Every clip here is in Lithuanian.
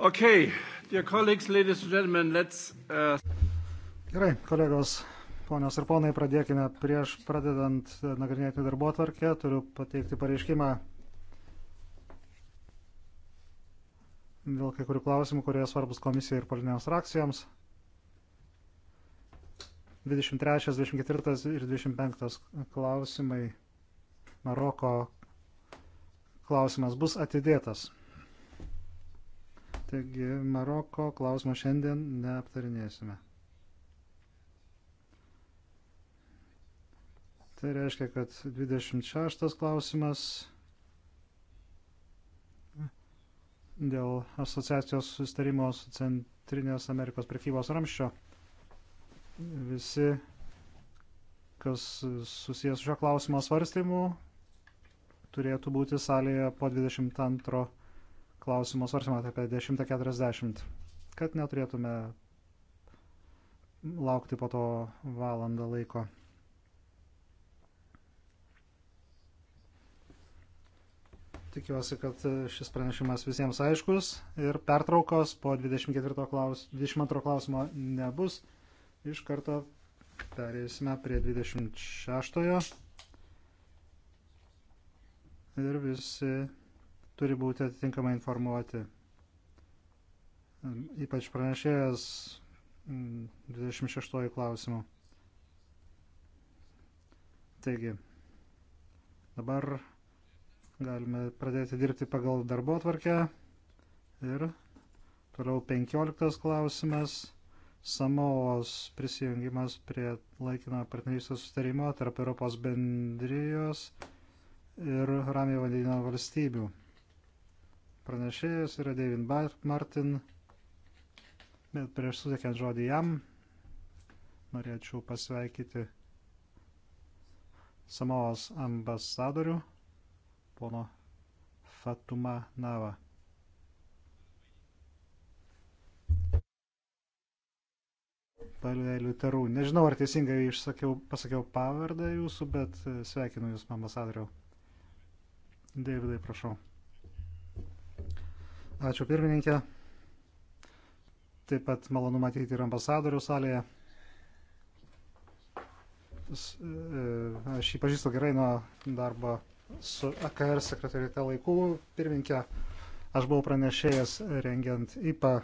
Okay, dear colleagues, ladies and gentlemen, let's. Uh... Gerai, kolegos, ponios ir ponai, pradėkime. Prieš pradedant nagrinėti darbo atvarkę, turiu pateikti pareiškimą dėl kai kurių klausimų, kurie svarbus komisijai ir politinėms frakcijoms. 23, 24 ir 25 klausimai Maroko klausimas bus atidėtas. Taigi Maroko klausimą šiandien neaptarinėsime. Tai reiškia, kad 26 klausimas dėl asociacijos sustarimo su Centrinės Amerikos prekybos ramščio. Visi, kas susijęs su šio klausimo svarstymu, turėtų būti salėje po 22 klausimo svarstymą apie 10.40, kad neturėtume laukti po to valandą laiko. Tikiuosi, kad šis pranešimas visiems aiškus ir pertraukos po 24 klaus, 22 klausimo nebus. Iš karto perėsime prie 26. Ir visi turi būti atitinkamai informuoti. Ypač pranešėjas 26 mm, klausimų. Taigi, dabar galime pradėti dirbti pagal darbo tvarkę. Ir toliau 15 klausimas. Samovos prisijungimas prie laikino partnerystės sustarimo tarp Europos bendrijos ir Ramio vandenino valstybių pranešėjas yra David Martin, bet prieš suteikiant žodį jam norėčiau pasveikyti Samovos ambasadorių, pono Fatuma Nava. Palvelių Terų. Nežinau, ar teisingai išsakiau, pasakiau pavardę jūsų, bet sveikinu jūs, ambasadoriau. Davidai, prašau. Ačiū pirmininkė. Taip pat malonu matyti ir ambasadorių salėje. E, aš jį pažįstu gerai nuo darbo su AKR sekretorite laikų. Pirmininkė, aš buvau pranešėjęs rengiant IPA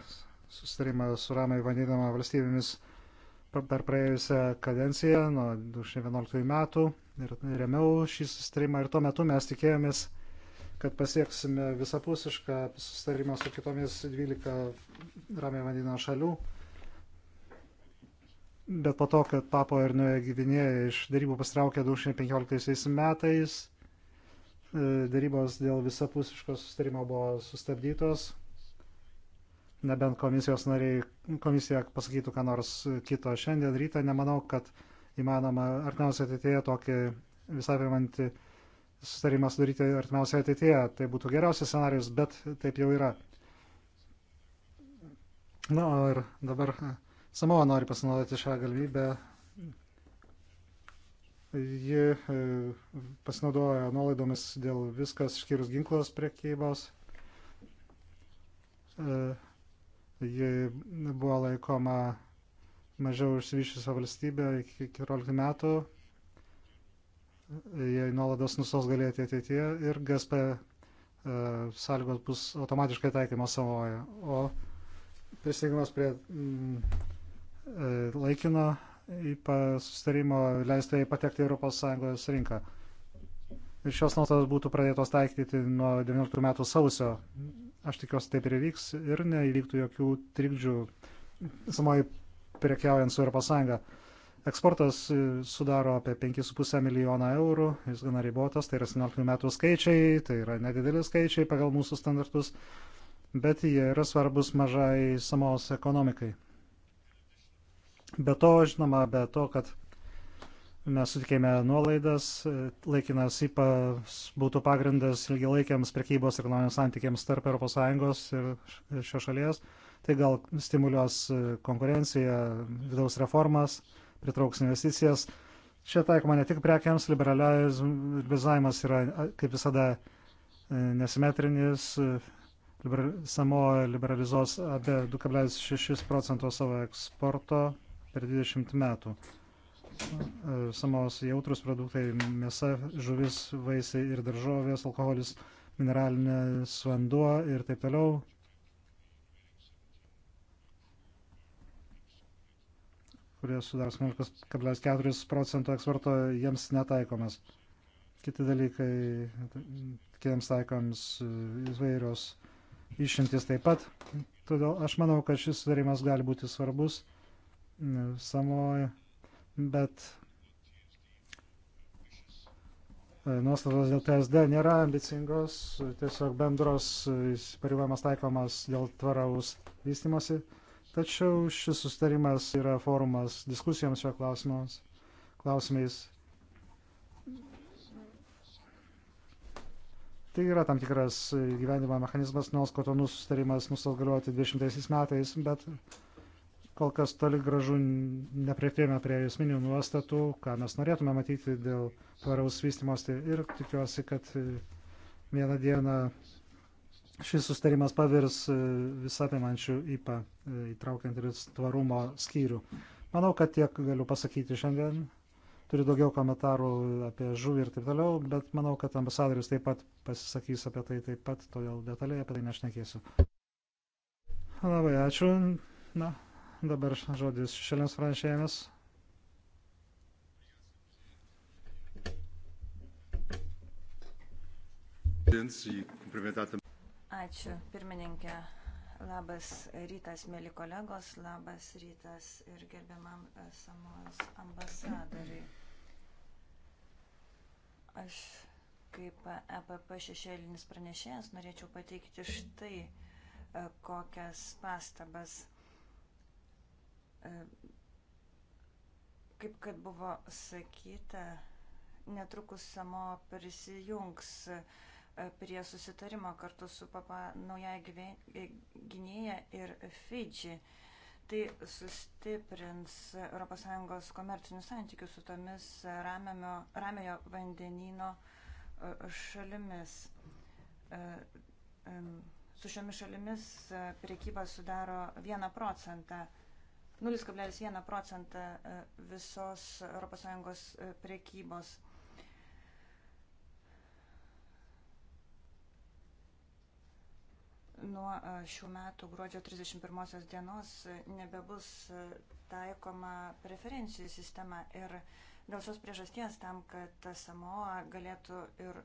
susitarimą su ramai vadinama valstybėmis per praėjusią kadenciją nuo 2011 metų ir remiau šį susitarimą ir tuo metu mes tikėjomės kad pasieksime visapusišką susitarimą su kitomis 12 ramiai vandenino šalių. Bet po to, kad Papo ir Nuoja Gyvinėja iš darybų pastraukė 2015 metais, e, darybos dėl visapusiško susitarimo buvo sustabdytos. Nebent komisijos nariai, komisija pasakytų, ką nors kito šiandien rytą, nemanau, kad įmanoma artimiausioje ateityje tokį visapimantį sustarimą sudaryti artimiausioje ateityje. Tai būtų geriausias scenarius, bet taip jau yra. Na ir dabar Samoa nori pasinaudoti šią galimybę. Ji e, pasinaudoja nuolaidomis dėl viskas išskyrus ginklos priekybos. E, ji buvo laikoma mažiau išsivyščiusią valstybę iki 14 metų jei nuolados nustos galėti ateityje ir GSP e, sąlygos bus automatiškai taikymas savoje. O prisijungimas prie m, mm, e, laikino sustarimo leistų jai patekti ES rinką. Ir šios nuostatos būtų pradėtos taikyti nuo 19 metų sausio. Aš tikiuosi taip ir įvyks ir neįvyktų jokių trikdžių samai prekiaujant su ES. Eksportas e, sudaro apie 5,5 milijoną eurų, jis gana ribotas, tai yra 17 metų skaičiai, tai yra nedideli skaičiai pagal mūsų standartus, bet jie yra svarbus mažai samos ekonomikai. Be to, žinoma, be to, kad mes sutikėme nuolaidas, e, laikinas IPA būtų pagrindas ilgialaikiams prekybos ir naujams santykiams tarp ES ir šios šalies, tai gal stimuliuos e, konkurenciją, vidaus reformas pritrauks investicijas. Čia taikoma ne tik prekiams, liberalizavimas yra kaip visada e, nesimetrinis. Liber, Samo liberalizuos apie 2,6 procento savo eksporto per 20 metų. E, Samos jautrus produktai - mėsa, žuvis, vaisiai ir daržovės, alkoholis, mineralinis vanduo ir taip toliau kurie sudaro 18,4 procento eksporto, jiems netaikomas. Kiti dalykai, kitiems taikoms e, įvairios išimtis taip pat. Todėl aš manau, kad šis sudarimas gali būti svarbus e, samoje, bet e, nuostatos dėl TSD nėra ambicingos, tiesiog bendros įsipareigojimas taikomas dėl tvaraus vystimosi Tačiau šis sustarimas yra forumas diskusijoms šio klausimams, klausimais. Tai yra tam tikras gyvenimo mechanizmas, nors kotonų sustarimas nustos galioti 20 metais, bet kol kas toli gražu nepriektėjome prie esminių nuostatų, ką mes norėtume matyti dėl tvaraus vystimosti ir tikiuosi, kad vieną dieną šis sustarimas pavirs e, visapimančių IPA, e, įtraukiant ir tvarumo skyrių. Manau, kad tiek galiu pasakyti šiandien. Turiu daugiau komentarų apie žuvį ir taip toliau, bet manau, kad ambasadorius taip pat pasisakys apie tai taip pat, todėl detaliai apie tai nešnekėsiu. Labai ačiū. Na, dabar žodis šešėlėms pranešėjams. Presidente, e cumprimentar também. Ačiū, pirmininkė. Labas rytas, mėly kolegos, labas rytas ir gerbiamam Samoas ambasadoriui. Aš kaip EPP šešėlinis pranešėjas norėčiau pateikti štai e, kokias pastabas. E, kaip kad buvo sakyta, netrukus Samo prisijungs uh, prie susitarimo kartu su Papa Nauja Gynėja ir Fidži. Tai sustiprins ES komercinius santykius su tomis ramio, ramiojo vandenino e, šalimis. E, su šiomis šalimis e, priekyba sudaro 1 procentą 0,1 procentą visos ES priekybos. nuo šių metų gruodžio 31 dienos nebebus taikoma preferencijų sistema ir dėl šios priežasties tam, kad Samoa galėtų ir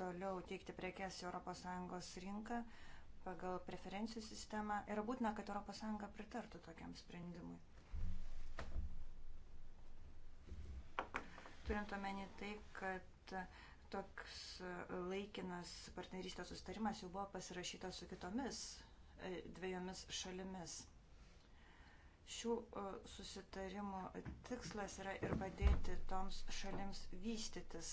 toliau teikti prekes į ES rinką pagal preferencijų sistemą, yra būtina, kad ES pritartų tokiam sprendimui. Turint omeny tai, kad toks e, laikinas partnerystės sustarimas jau buvo pasirašytas su kitomis e, dviejomis šalimis. Šių e, susitarimų tikslas yra ir padėti toms šalims vystytis.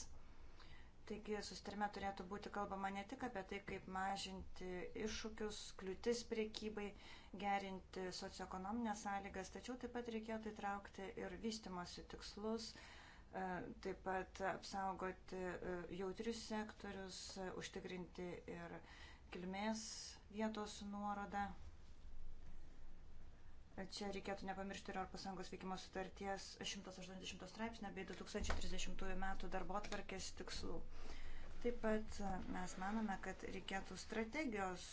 Taigi sustarime turėtų būti kalbama ne tik apie tai, kaip mažinti iššūkius, kliūtis priekybai, gerinti socioekonominės sąlygas, tačiau taip pat reikėtų įtraukti ir vystimosi tikslus, uh, E, taip pat apsaugoti e, jautrius sektorius, e, užtikrinti ir kilmės vietos nuorodą. Čia reikėtų nepamiršti ir ES veikimo sutarties 180 straipsnio bei 2030 metų darbo atvarkės tikslų. Taip pat mes manome, kad reikėtų strategijos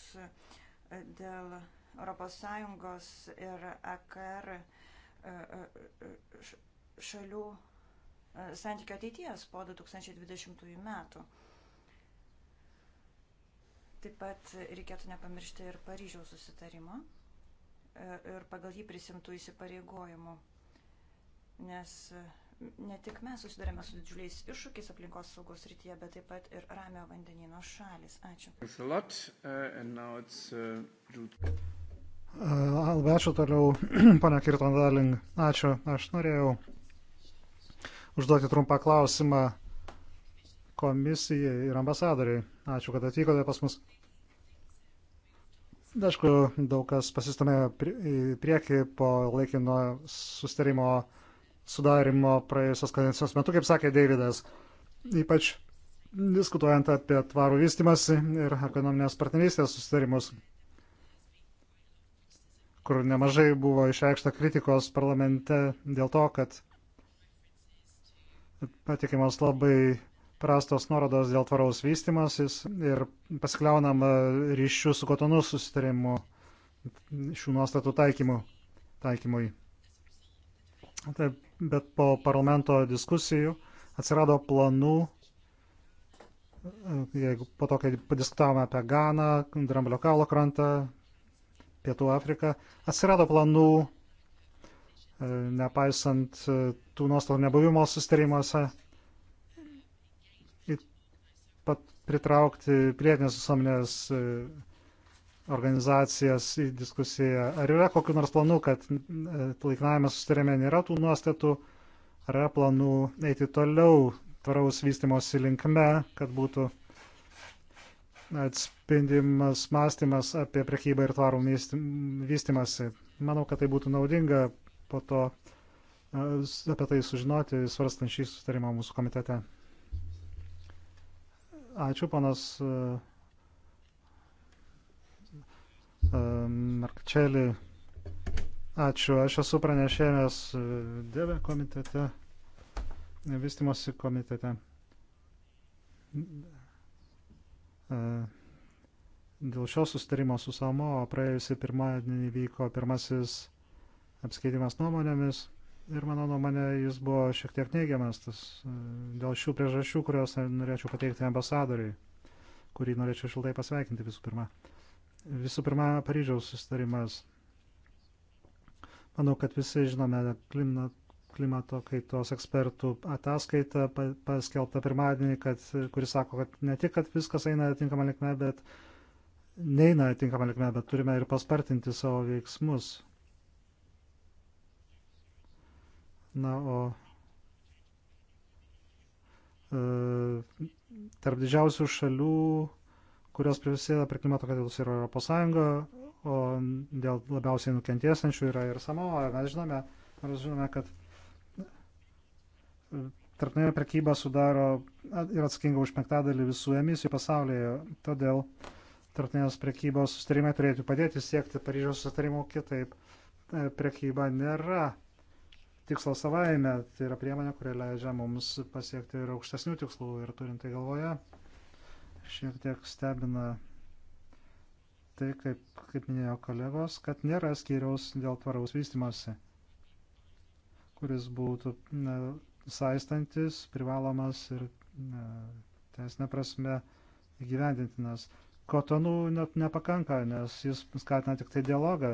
dėl ES ir AKR šalių santykio ateities po 2020 metų. Taip pat reikėtų nepamiršti ir Paryžiaus susitarimo e, ir pagal jį prisimtų įsipareigojimų. Nes e, ne tik mes susidarėme su didžiuliais iššūkiais aplinkos saugos rytyje, bet taip pat ir ramio vandenino šalis. Ačiū. Uh, uh, uh, Alba, ačiū toliau, pana Kirton Daling. Ačiū. Aš norėjau užduoti trumpą klausimą komisijai ir ambasadoriai. Ačiū, kad atvykote pas mus. Aišku, daug kas pasistumė į priekį po laikino sustarimo sudarimo praėjusios kadencijos metu, kaip sakė Davidas, ypač diskutuojant apie tvarų vystimąsi ir ekonominės partnerystės sustarimus, kur nemažai buvo išreikšta kritikos parlamente dėl to, kad patikimos labai prastos nuorodos dėl tvaraus vystimasis ir paskliaunam e, ryšių su kotonu susitarimu šių nuostatų taikymu, taikymui. Taip, bet po parlamento diskusijų atsirado planų, e, jeigu po to, kai padiskutavome apie Ganą, Dramblio kalo krantą, Pietų Afriką, atsirado planų nepaisant e, tų nuostolų nebuvimo sustarimuose, pat pritraukti prietinės visuomenės e, organizacijas į diskusiją. Ar yra kokiu nors planu, kad e, laikinavime sustarime nėra tų nuostatų, ar yra planų eiti toliau tvaraus vystimosi linkme, kad būtų atspindimas mąstymas apie prekybą ir tvarų vystimasi. Manau, kad tai būtų naudinga po to e, apie tai sužinoti, svarstant šį sustarimą mūsų komitete. Ačiū, panas e, e, Markčelį. Ačiū, aš esu pranešėjęs Deve komitete, vystimosi komitete dėl šio sustarimo su Samo praėjusį pirmadienį vyko pirmasis apskaitimas nuomonėmis ir mano nuomonė jis buvo šiek tiek neigiamas tas, e, dėl šių priežasčių, kurios norėčiau pateikti ambasadoriui, kurį norėčiau šiltai pasveikinti visų pirma. Visų pirma, Paryžiaus sustarimas. Manau, kad visi žinome klimato kaitos ekspertų ataskaitą paskelbtą pirmadienį, kad, kuris sako, kad ne tik, kad viskas eina tinkamą linkme, bet neina tinkamą linkme, bet turime ir paspartinti savo veiksmus Na, o e, tarp didžiausių šalių, kurios prisideda prie klimato kaitos yra Europos Sąjunga, o dėl labiausiai nukentiesančių yra ir Samoa. Mes žinome, mes žinome kad e, tarptautinė prekyba sudaro ir atsakinga už penktadalį visų emisijų pasaulyje. Todėl tarptautinės prekybos sustarimai turėtų padėti siekti Paryžiaus sustarimų kitaip. E, prekyba nėra tikslo savaime, tai yra priemonė, kuri leidžia mums pasiekti ir aukštesnių tikslų ir turint tai galvoje, šiek tiek stebina tai, kaip, kaip minėjo kolegos, kad nėra skyriaus dėl tvaraus vystimosi, kuris būtų ne, saistantis, privalomas ir ne, teisinė prasme įgyvendintinas. Kotonų net nepakanka, nes jis skatina tik tai dialogą.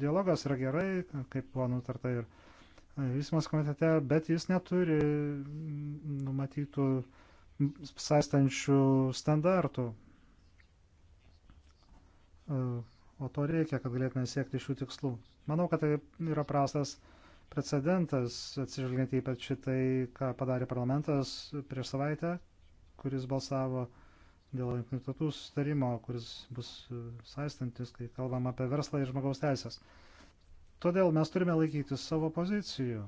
Dialogas yra gerai, kaip buvo nutarta ir vystymas komitete, bet jis neturi numatytų saistančių standartų. E, o to reikia, kad galėtume siekti šių tikslų. Manau, kad tai yra prastas precedentas, atsižvelgiant ypač šitai, ką padarė parlamentas prieš savaitę, kuris balsavo dėl jungtinių tautų sustarimo, kuris bus saistantis, kai kalbam apie verslą ir žmogaus teisės. Todėl mes turime laikyti savo pozicijų.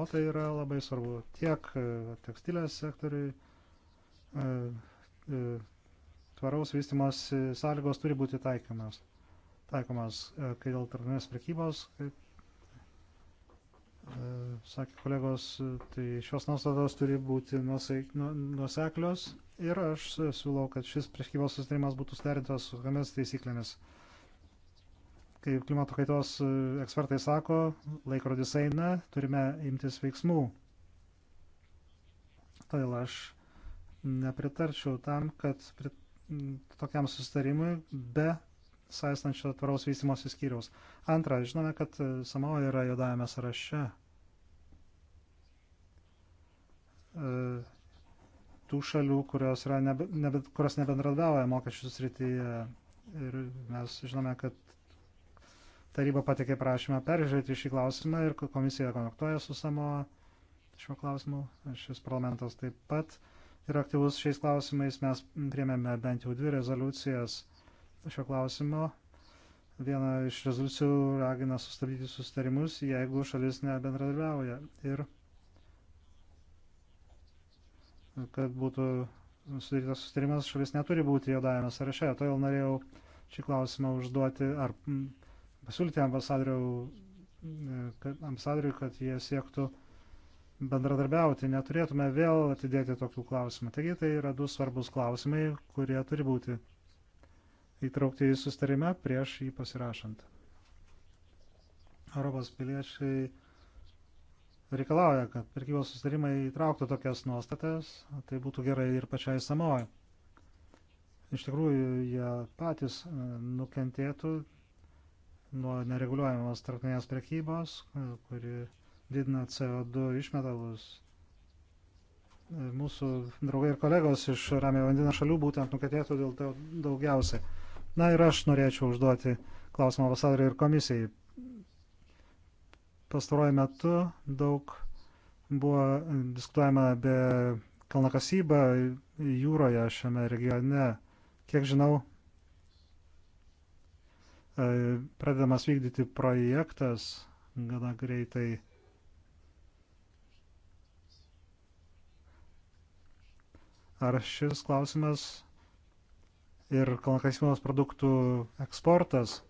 O tai yra labai svarbu tiek e, tekstilės sektoriui, e, e, tvaraus vystimos sąlygos turi būti taikomas. Taikomas, kai dėl tarnės prekybos, kaip sakė kolegos, tai šios nuostatos turi būti nuseklios nu, ir aš siūlau, kad šis prekybos sustarimas būtų suderintas su tokiamis taisyklėmis kaip klimato kaitos e, ekspertai sako, laikrodis eina, turime imtis veiksmų. Todėl aš nepritarčiau tam, kad prit, tokiam sustarimui be saistančio tvaraus vystimosi skyriaus. Antra, žinome, kad e, Samoa yra juodajame sąraše. E, tų šalių, kurios, yra nebe, nebe, kurios nebendradavoja mokesčių srityje. Ir mes žinome, kad Taryba patikė prašymą peržiūrėti šį klausimą ir komisija kontaktuoja su Samoa šiuo klausimu. Šis parlamentas taip pat yra aktyvus šiais klausimais. Mes priemėme bent jau dvi rezoliucijas šio klausimo. Viena iš rezoliucijų ragina sustabdyti sustarimus, jeigu šalis nebendradarbiauja. Ir kad būtų sudarytas sustarimas, šalis neturi būti juodajame sąraše. Todėl norėjau šį klausimą užduoti, ar pasiūlyti e, ambasadoriui, kad jie siektų bendradarbiauti. Neturėtume vėl atidėti tokių klausimų. Taigi tai yra du svarbus klausimai, kurie turi būti įtraukti į sustarimą prieš jį pasirašant. Europos piliečiai reikalauja, kad pirkybos sustarimai įtrauktų tokias nuostatas, tai būtų gerai ir pačiai samoji. Iš tikrųjų, jie patys e, nukentėtų nuo nereguliuojamos tarptautinės prekybos, kuri didina CO2 išmetalus. Mūsų draugai ir kolegos iš Ramio vandenų šalių būtent nukatėtų dėl to daugiausiai. Na ir aš norėčiau užduoti klausimą vasarį ir komisijai. Pastaruoju metu daug buvo diskutuojama apie kalnakasybą jūroje šiame regione. Kiek žinau, E, pradedamas vykdyti projektas gana greitai. Ar šis klausimas ir kalnakasyvos produktų eksportas e,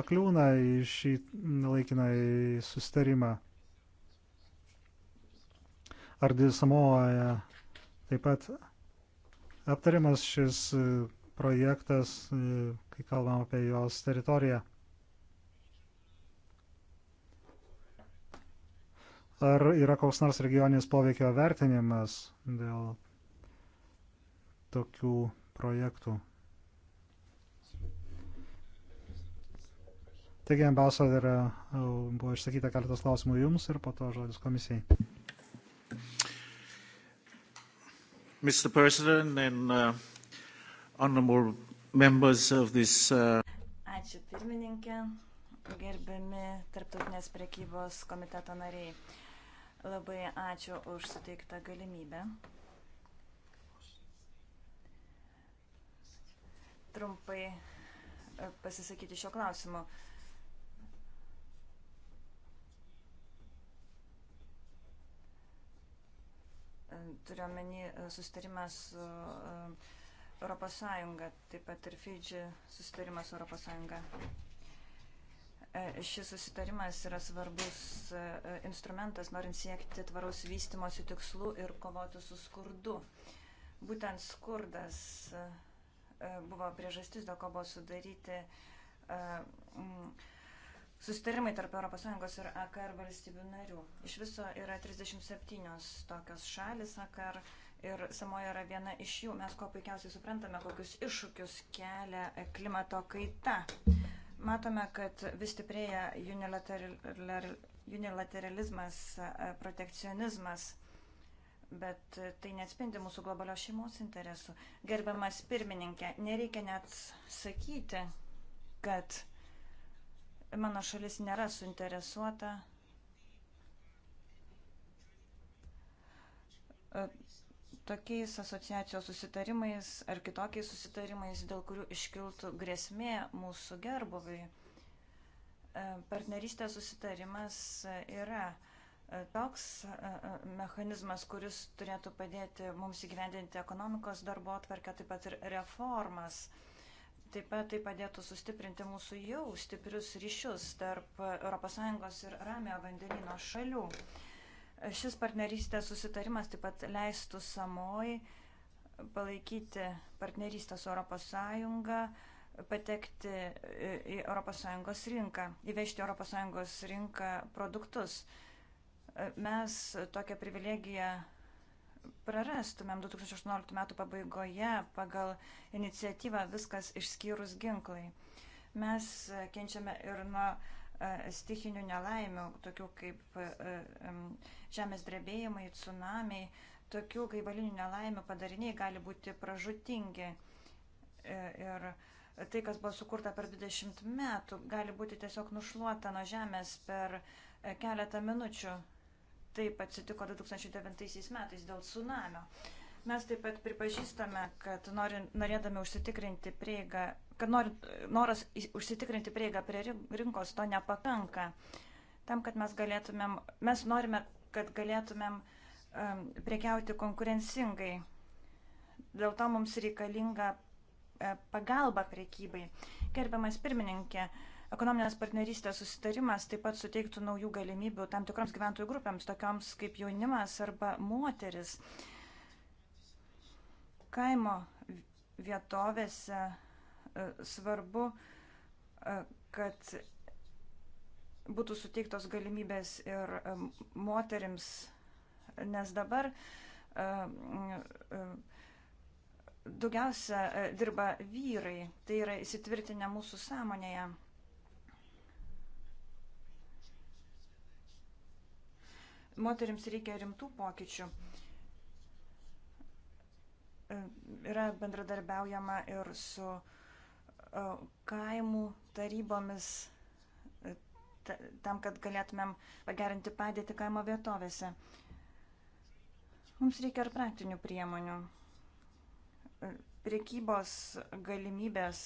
pakliūna į šį laikiną sustarimą? Ar Samoaje taip pat aptariamas šis projektas, e, kai kalbam apie jos teritoriją. Ar yra koks nors regioninis poveikio vertinimas dėl tokių projektų? Taigi, ambasadorė, e, buvo išsakyta keletas klausimų jums ir po to žodis komisijai. Mr. President, and uh, honorable members of this. Uh... Ačiū pirmininkė, gerbiami tarptautinės prekybos komiteto nariai. Labai ačiū už suteiktą galimybę. Trumpai e, pasisakyti šio klausimu. E, Turiuomenį e, sustarimą su uh, ES, taip pat ir Fidži susitarimas ES. E, šis susitarimas yra svarbus e, e, instrumentas, norint siekti tvaraus vystimosi tikslų ir kovoti su skurdu. Būtent skurdas buvo priežastis, dėl ko buvo sudaryti susitarimai tarp ES ir AKR valstybių narių. Iš viso yra 37 tokios šalis AKR ir Samoja yra viena iš jų. Mes ko puikiausiai suprantame, kokius iššūkius kelia klimato kaita. Matome, kad vis stiprėja unilateralizmas, protekcionizmas, bet tai neatspindi mūsų globalios šeimos interesų. Gerbiamas pirmininkė, nereikia net sakyti, kad mano šalis nėra suinteresuota tokiais asociacijos susitarimais ar kitokiais susitarimais, dėl kurių iškiltų grėsmė mūsų gerbuviui. E, partnerystės susitarimas e, yra e, toks mechanizmas, kuris turėtų padėti mums įgyvendinti ekonomikos darbo atvarkę, taip pat ir reformas. Taip pat tai padėtų sustiprinti mūsų jau stiprius ryšius tarp ES ir Ramio vandenino šalių. Šis partnerystės susitarimas taip pat leistų Samoj palaikyti partnerystę su ES, patekti į ES rinką, įvežti ES rinką produktus. Mes tokią privilegiją prarastumėm 2018 metų pabaigoje pagal iniciatyvą viskas išskyrus ginklai. Mes kenčiame ir nuo E, stichinių nelaimių, tokių kaip e, e, žemės drebėjimai, tsunamiai, tokių gaivalinių nelaimių padariniai gali būti pražutingi. Ir tai, kas buvo sukurta per 20 metų, gali būti tiesiog nušluota nuo žemės per keletą minučių. Taip atsitiko 2009 metais dėl tsunamio. Mes taip pat pripažįstame, kad norėdami užsitikrinti prieigą kad nor, noras užsitikrinti prieigą prie rinkos to nepakanka. Tam, kad mes galėtumėm, mes norime, kad galėtumėm um, prekiauti konkurencingai. Dėl to mums reikalinga e, pagalba prekybai. Gerbiamas pirmininkė, ekonominės partnerystės susitarimas taip pat suteiktų naujų galimybių tam tikroms gyventojų grupėms, tokioms kaip jaunimas arba moteris. Kaimo vietovėse E, svarbu, e, kad būtų suteiktos galimybės ir e, moterims, nes dabar daugiausia dirba vyrai, tai yra įsitvirtinę mūsų sąmonėje. Moterims reikia rimtų pokyčių. Yra bendradarbiaujama ir su uh, kaimų tarybomis e, tam, kad galėtumėm pagerinti padėtį kaimo vietovėse. Mums reikia ir praktinių priemonių. E, priekybos galimybės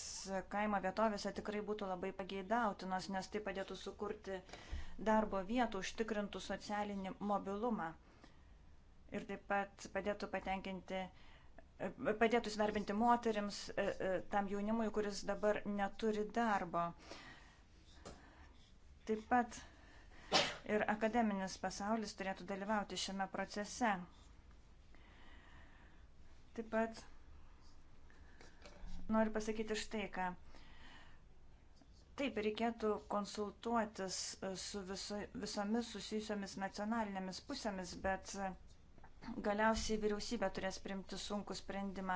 kaimo vietovėse tikrai būtų labai pageidautinos, nes tai padėtų sukurti darbo vietų, užtikrintų socialinį mobilumą ir taip pat padėtų patenkinti uh, padėtų įsidarbinti moteriams, e, e, tam jaunimui, kuris dabar neturi darbo. Taip pat ir akademinis pasaulis turėtų dalyvauti šiame procese. Taip pat noriu pasakyti štai ką. Taip, reikėtų konsultuotis su viso, visomis susijusiomis nacionalinėmis pusėmis, bet Galiausiai vyriausybė turės primti sunkų sprendimą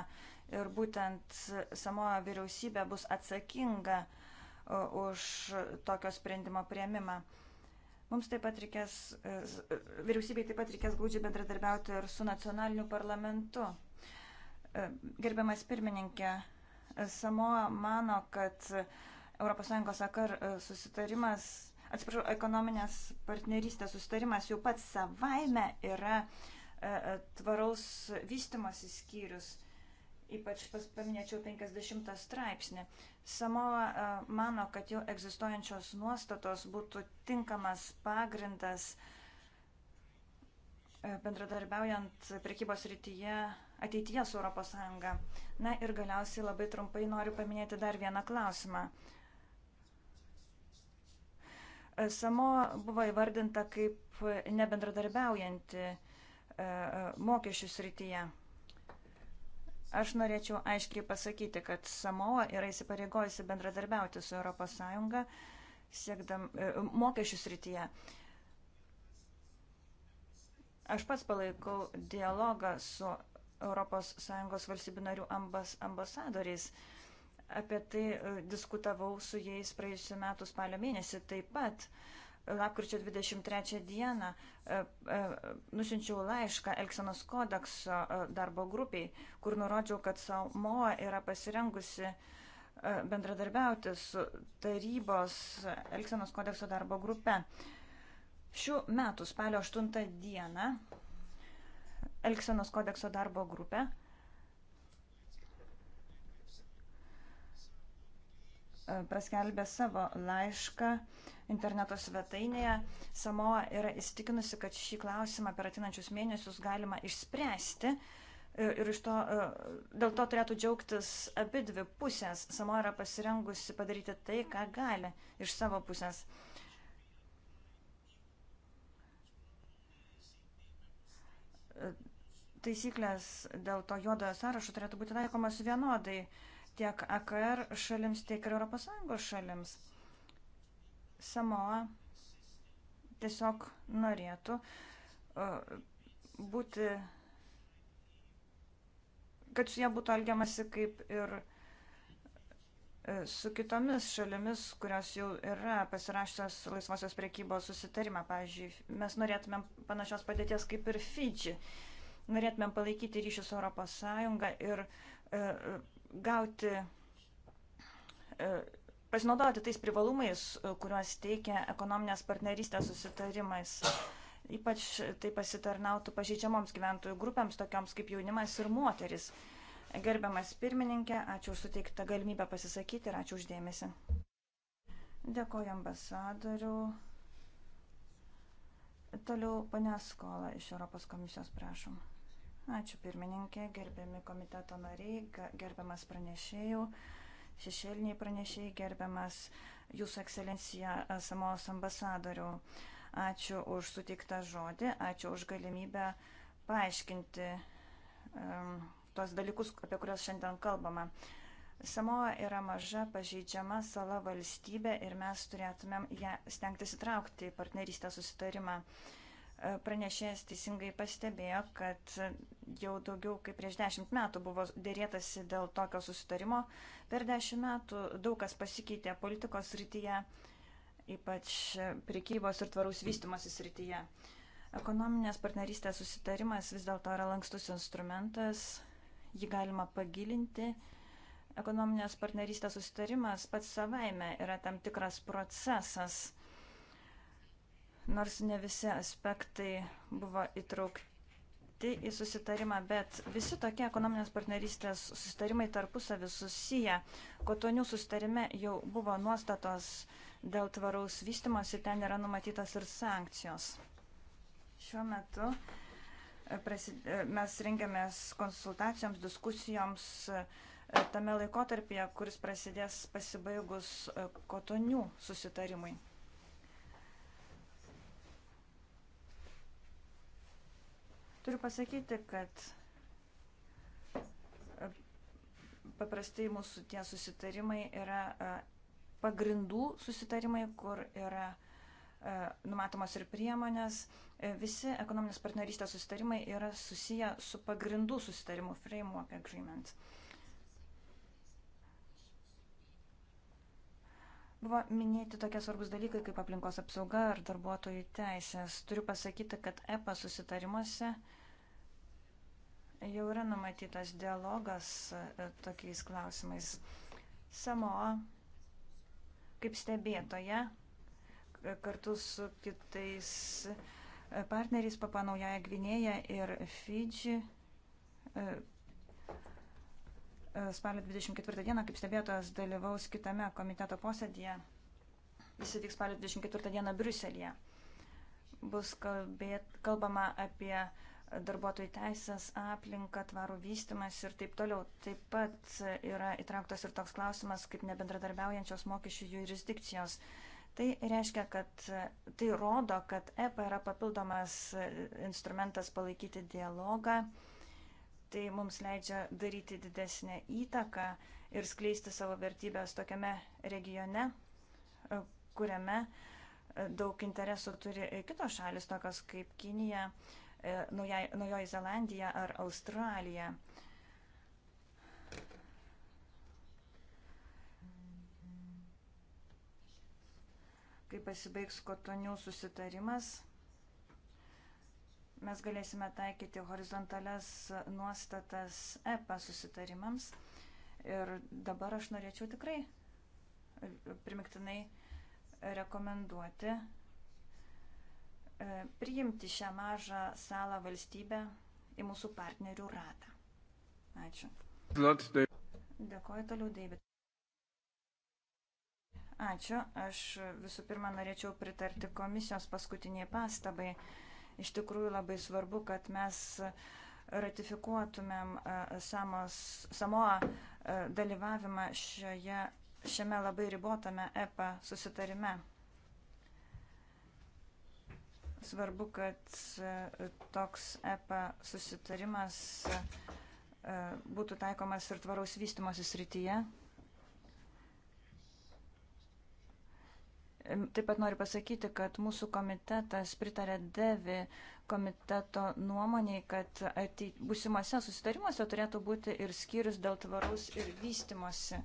ir būtent Samoa vyriausybė bus atsakinga e, už tokio sprendimo prieimimą. Mums taip pat reikės, e, e, vyriausybei taip pat reikės glaudžiai bendradarbiauti ir su nacionaliniu parlamentu. Gerbiamas pirmininkė, Samoa mano, kad ES akar susitarimas, atsiprašau, ekonominės partnerystės susitarimas jau pats savaime yra uh, E, e, tvaraus vystimosi skyrius, ypač paminėčiau 50 straipsnį. Samoa e, mano, kad jau egzistuojančios nuostatos būtų tinkamas pagrindas bendradarbiaujant prekybos rytyje ateityje su ES. Na ir galiausiai labai trumpai noriu paminėti dar vieną klausimą. Samo buvo įvardinta kaip nebendradarbiaujanti E, e, mokesčių srityje. Aš norėčiau aiškiai pasakyti, kad Samoa yra įsipareigojusi bendradarbiauti su ES siekdam e, mokesčių srityje. Aš pats palaikau dialogą su ES valstybių narių ambas, ambasadoriais. Apie tai diskutavau su jais praėjusiu metu spalio mėnesį taip pat. Uh, lapkričio 23 dieną e, e, nusinčiau laišką Elksenos kodekso e, darbo grupiai, kur nurodžiau, kad Samoa yra pasirengusi bendradarbiauti su tarybos Elksenos kodekso darbo grupe. Šių metų spalio 8 dieną Elksenos kodekso darbo grupė E, paskelbė savo laišką interneto svetainėje. Samoa yra įstikinusi, kad šį klausimą per atinančius mėnesius galima išspręsti. E, ir iš to, e, dėl to turėtų džiaugtis abi dvi pusės. Samoa yra pasirengusi padaryti tai, ką gali iš savo pusės. Taisyklės dėl to juodojo sąrašo turėtų būti taikomas vienodai. Uh, tiek AKR šalims, tiek ir ES šalims. Samoa tiesiog norėtų e, būti, kad su jie būtų elgiamasi kaip ir e, su kitomis šalimis, kurios jau yra pasirašęs laisvosios priekybos susitarimą. Pavyzdžiui, mes norėtumėm panašios padėties kaip ir Fidži. Norėtumėm palaikyti ryšius su ES ir e, gauti, e, pasinaudoti tais privalumais, e, kuriuos teikia ekonominės partnerystės susitarimais. Ypač tai pasitarnautų pažeidžiamoms gyventojų grupėms, tokioms kaip jaunimas ir moteris. Gerbiamas pirmininkė, ačiū už suteiktą galimybę pasisakyti ir ačiū uždėmesi. Dėkoju ambasadoriu. Toliau paneskola iš Europos komisijos prašom. Ačiū pirmininkė, gerbiami komiteto nariai, gerbiamas pranešėjų, šešėliniai pranešėjai, gerbiamas Jūsų ekscelencija Samos ambasadorių. Ačiū už sutiktą žodį, ačiū už galimybę paaiškinti um, tos dalykus, apie kuriuos šiandien kalbama. Samoa yra maža pažeidžiama sala valstybė ir mes turėtumėm ją stengtis įtraukti į partnerystę susitarimą. Uh, Pranešėjas teisingai pastebėjo, kad jau daugiau kaip prieš dešimt metų buvo dėrėtasi dėl tokio susitarimo. Per dešimt metų daug kas pasikeitė politikos rytyje, ypač prekybos ir tvaraus vystimosi rytyje. Ekonominės partnerystės susitarimas vis dėlto yra lankstus instrumentas, jį galima pagilinti. Ekonominės partnerystės susitarimas pats savaime yra tam tikras procesas nors ne visi aspektai buvo įtraukti į susitarimą, bet visi tokie ekonominės partnerystės susitarimai tarpusavį susiję. Kotonių susitarime jau buvo nuostatos dėl tvaraus vystimosi, ten yra numatytas ir sankcijos. Šiuo metu e, e, mes rengiamės konsultacijoms, diskusijoms e, tame laikotarpyje, kuris prasidės pasibaigus kotonių susitarimui. Turiu pasakyti, kad e, paprastai mūsų tie susitarimai yra e, pagrindų susitarimai, kur yra e, numatomos ir priemonės. Visi ekonominės partnerystės susitarimai yra susiję su pagrindų susitarimu Framework Agreement. Buvo minėti tokie svarbus dalykai kaip aplinkos apsauga ar darbuotojų teisės. Turiu pasakyti, kad EPA susitarimuose uh, jau yra numatytas dialogas e, tokiais klausimais. Samoa kaip stebėtoja kartu su kitais e, partneriais Papanaujoje Gvinėje ir Fidži e, spalio 24 dieną kaip stebėtojas dalyvaus kitame komiteto posėdėje. Jis įvyks spalio 24 dieną Briuselėje. Bus kalbėt, kalbama apie uh, darbuotojų teisės, aplinką, tvarų vystimas ir taip toliau. Taip pat yra įtrauktas ir toks klausimas kaip nebendradarbiaujančios mokesčių jurisdikcijos. Tai reiškia, kad tai rodo, kad EPA yra papildomas instrumentas palaikyti dialogą. Tai mums leidžia daryti didesnę įtaką ir skleisti savo vertybės tokiame regione, kuriame daug interesų turi kitos šalis, tokios kaip Kinija. Uh, E, Naujoji Zelandija ar Australija. Kai pasibaigs kotonių susitarimas, mes galėsime taikyti horizontales nuostatas EPA susitarimams. Ir dabar aš norėčiau tikrai primiktinai rekomenduoti E, priimti šią mažą salą valstybę į mūsų partnerių ratą. Ačiū. Dėkoju toliau, David. Ačiū. Aš visų pirma norėčiau pritarti komisijos paskutiniai pastabai. Iš tikrųjų labai svarbu, kad mes ratifikuotumėm e, Samos, Samoa e, dalyvavimą šioje, šiame labai ribotame EPA susitarime. Svarbu, kad e, toks EPA susitarimas e, būtų taikomas ir tvaraus vystimosi srityje. Taip pat noriu pasakyti, kad mūsų komitetas pritarė Devi komiteto nuomoniai, kad ateit, būsimose susitarimuose turėtų būti ir skyrius dėl tvaraus ir vystimosi.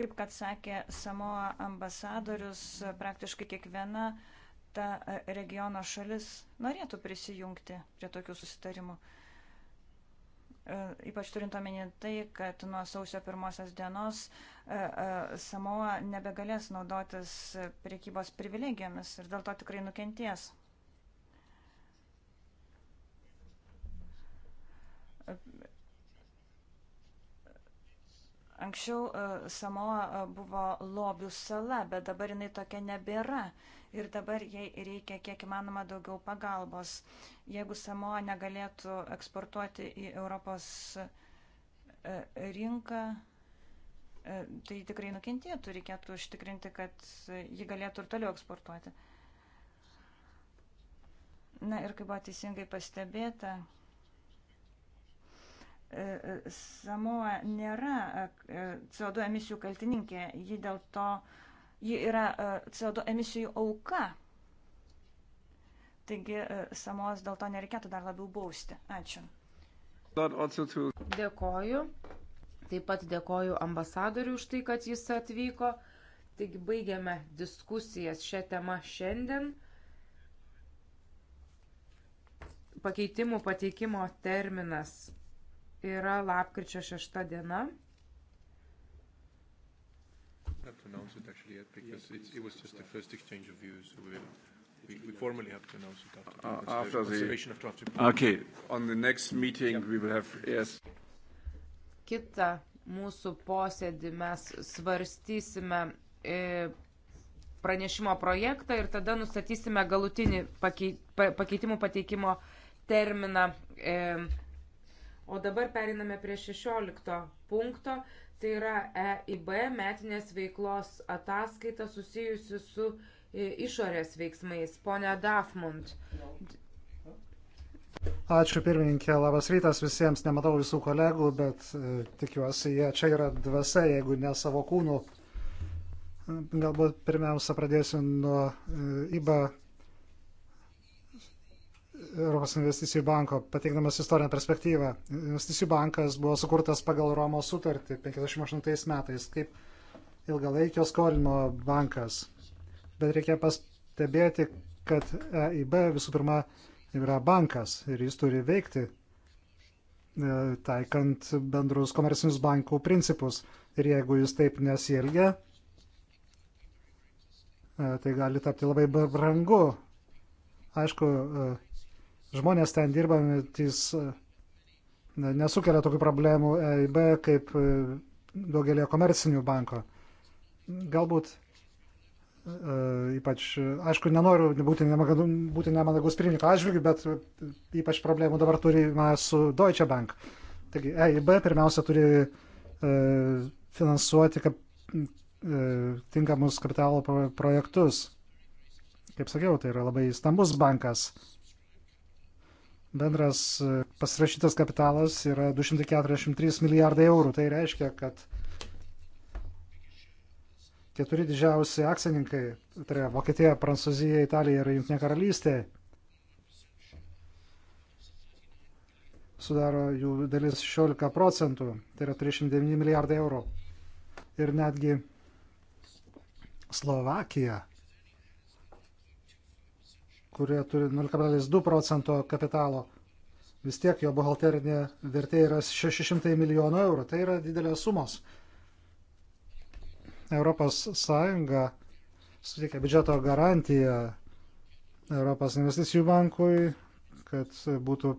Kaip kad sakė Samoa ambasadorius, praktiškai kiekviena uh, ta e, regiono šalis norėtų prisijungti prie tokių susitarimų. E, ypač turint omeny tai, kad nuo sausio pirmosios dienos e, Samoa nebegalės naudotis priekybos privilegijomis ir dėl to tikrai nukenties. Anksčiau Samoa buvo lobių sala, bet dabar jinai tokia nebėra ir dabar jai reikia kiek įmanoma daugiau pagalbos. Jeigu Samoa negalėtų eksportuoti į Europos e, rinką, e, tai tikrai nukentėtų, reikėtų užtikrinti, kad ji galėtų ir toliau eksportuoti. Na ir kaip buvo teisingai pastebėta, e, Samoa nėra CO2 emisijų kaltininkė, ji dėl to ji yra e, CO2 emisijų auka. Taigi e, samos dėl to nereikėtų dar labiau bausti. Ačiū. Dėkoju. Taip pat dėkoju ambasadoriui už tai, kad jis atvyko. Taigi baigiame diskusijas šią temą šiandien. Pakeitimų pateikimo terminas yra lapkričio 6 diena. Not to announce it actually yet because it's, it was just the first exchange of views. So we'll, we, we formally have to announce it after, uh, after the after. Okay, on the next meeting yeah. we will have yes. Kita mūsų posėdį mes svarstysime e, pranešimo projektą ir tada nustatysime galutinį pakei, pa, pakeitimų pateikimo terminą. E, O dabar periname prie 16 punkto, tai yra EIB metinės veiklos ataskaita susijusi su e, išorės veiksmais. Pone Dafmund. Ačiū pirmininkė, labas rytas visiems, nematau visų kolegų, bet e, tikiuosi, jie čia yra dvasia, jeigu ne savo kūnų. Galbūt pirmiausia pradėsiu nuo e, IBA Europos investicijų banko, pateikdamas istorinę perspektyvą. Investicijų bankas buvo sukurtas pagal Romos sutartį 58 metais kaip ilgalaikio skolimo bankas. Bet reikia pastebėti, kad EIB visų pirma yra bankas ir jis turi veikti e, taikant bendrus komercinius bankų principus. Ir jeigu jis taip nesielgia, e, tai gali tapti labai brangu. Aišku, e, žmonės ten dirbantis e, nesukelia tokių problemų EIB kaip e, daugelio komercinių banko. Galbūt, e, ypač, aišku, nenoriu būti, nemagadu, būti nemanagus pirmininko atžvilgiu, bet ypač problemų dabar turime su Deutsche Bank. Taigi EIB pirmiausia turi finansuoti kap, tinkamus kapitalo projektus. Kaip sakiau, tai yra labai stambus bankas bendras e, pasirašytas kapitalas yra 243 milijardai eurų. Tai reiškia, kad keturi didžiausi akcininkai, tai yra Vokietija, Prancūzija, Italija ir Junktinė karalystė, sudaro jų dalis 16 procentų, tai yra 309 milijardai eurų. Ir netgi Slovakija kurie turi 0,2 procento kapitalo, vis tiek jo buhalterinė vertė yra 600 milijonų eurų. Tai yra didelės sumos. Europos Sąjunga suteikia biudžeto garantiją Europos investicijų bankui, kad būtų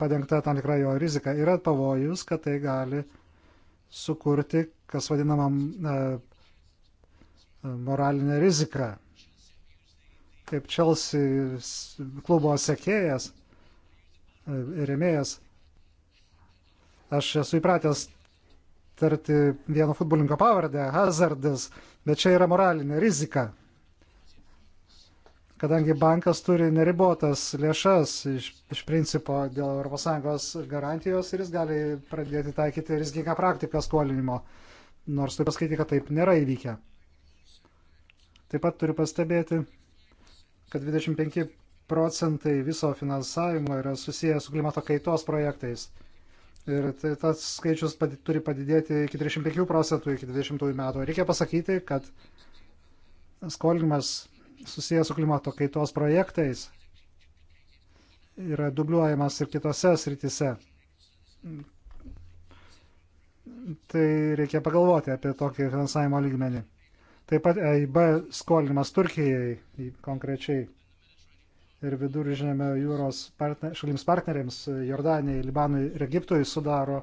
padengta tam tikra jo rizika. Yra pavojus, kad tai gali sukurti, kas vadinamam moralinę riziką kaip Chelsea klubo sekėjas, e, remėjas, aš esu įpratęs tarti vieno futbolinko pavardę - hazardas, bet čia yra moralinė rizika. Kadangi bankas turi neribotas lėšas iš, iš principo dėl ES garantijos ir jis gali pradėti taikyti rizikingą praktiką skolinimo, nors tu paskaitė, kad taip nėra įvykę. Taip pat turiu pastebėti, kad 25 procentai viso finansavimo yra susijęs su klimato kaitos projektais. Ir tai tas skaičius pad, turi padidėti iki 35 procentų iki 20 metų. Reikia pasakyti, kad skolinimas susijęs su klimato kaitos projektais yra dubliuojamas ir kitose sritise. Tai reikia pagalvoti apie tokį finansavimo lygmenį. Taip pat EIB skolinimas Turkijai konkrečiai ir viduržėmio jūros partner, šalims partneriams Jordanijai, Libanui ir Egiptui sudaro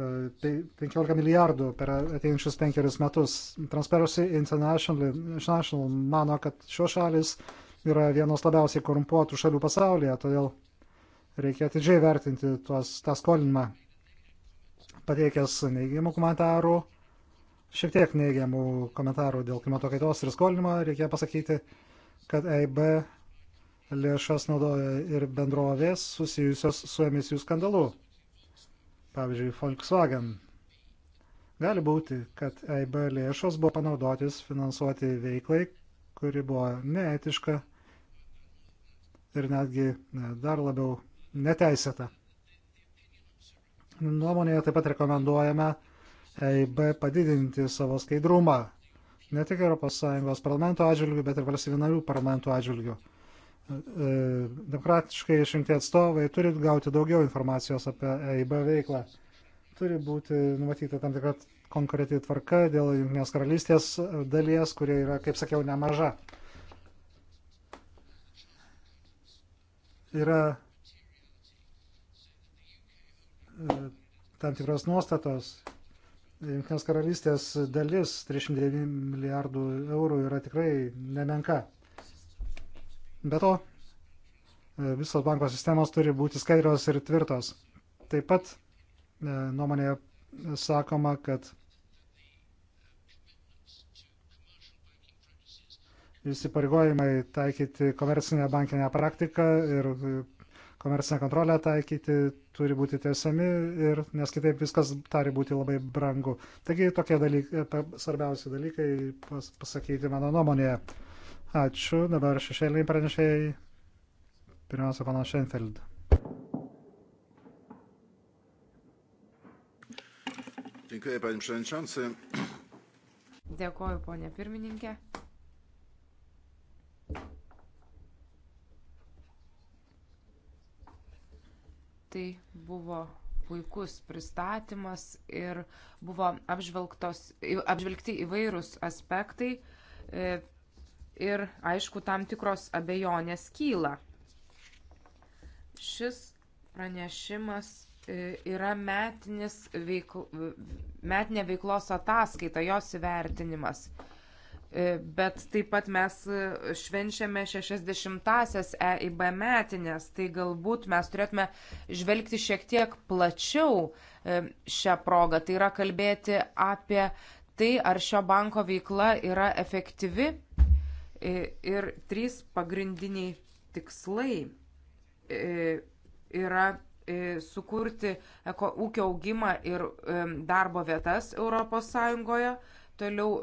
15 e, milijardų per ateinančius penkerius metus. Transparency International, International mano, kad šios šalis yra vienos labiausiai korumpuotų šalių pasaulyje, todėl reikia atidžiai vertinti tuos, tą skolinimą. Pateikęs neįgimų komentarų, šiek tiek neigiamų komentarų dėl klimato kaitos ir skolinimo. Reikia pasakyti, kad EIB lėšas naudoja ir bendrovės susijusios su emisijų skandalu. Pavyzdžiui, Volkswagen. Gali būti, kad EIB lėšos buvo panaudotis finansuoti veiklai, kuri buvo neetiška ir netgi dar labiau neteisėta. Nuomonėje taip pat rekomenduojame EIB padidinti savo skaidrumą. Ne tik ES parlamento atžvilgių, bet ir valstybių narių parlamentų atžvilgių. E, demokratiškai išrinkti atstovai turi gauti daugiau informacijos apie EIB veiklą. Turi būti numatyta tam tikra konkreti tvarka dėl Junktinės karalystės dalies, kurie yra, kaip sakiau, nemaža. Yra e, tam tikros nuostatos, Junktinės karalystės dalis 309 milijardų eurų yra tikrai nemenka. Be to, e, visos banko sistemos turi būti skaidrios ir tvirtos. Taip pat e, nuomonėje sakoma, kad įsipareigojimai taikyti komercinę bankinę praktiką ir e, komercinę kontrolę taikyti, turi būti tiesiami, ir, nes kitaip viskas tari būti labai brangu. Taigi tokie dalykai, svarbiausi dalykai pas, pasakyti mano nuomonėje. Ačiū, dabar šešėliniai pranešėjai. Pirmiausia, pana Šenfeld. Dėkuoju, panie pirmininkė. Tai buvo puikus pristatymas ir buvo apžvelgti įvairūs aspektai e, ir, aišku, tam tikros abejonės kyla. Šis pranešimas e, yra metinis veikl... metinė veiklos ataskaita, jos įvertinimas. E, bet taip pat mes e, švenčiame 60-asias EIB metinės, tai galbūt mes turėtume žvelgti šiek tiek plačiau e, šią progą. Tai yra kalbėti apie tai, ar šio banko veikla yra efektyvi ir trys pagrindiniai tikslai yra sukurti ūkio augimą ir darbo vietas ES toliau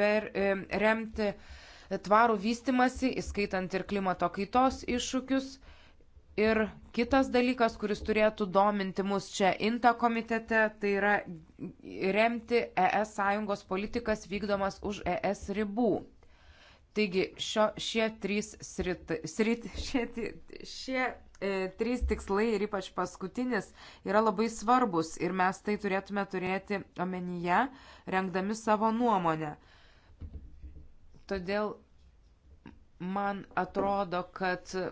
ver, e, remti tvarų vystimasi, įskaitant ir klimato kaitos iššūkius. Ir kitas dalykas, kuris turėtų dominti mus čia INTA komitete, tai yra remti ES sąjungos politikas vykdomas už ES ribų. Taigi šio, šie trys srit, srit, šie, šie e, trys tikslai ir ypač paskutinis yra labai svarbus ir mes tai turėtume turėti omenyje, rengdami savo nuomonę. Todėl man atrodo, kad e,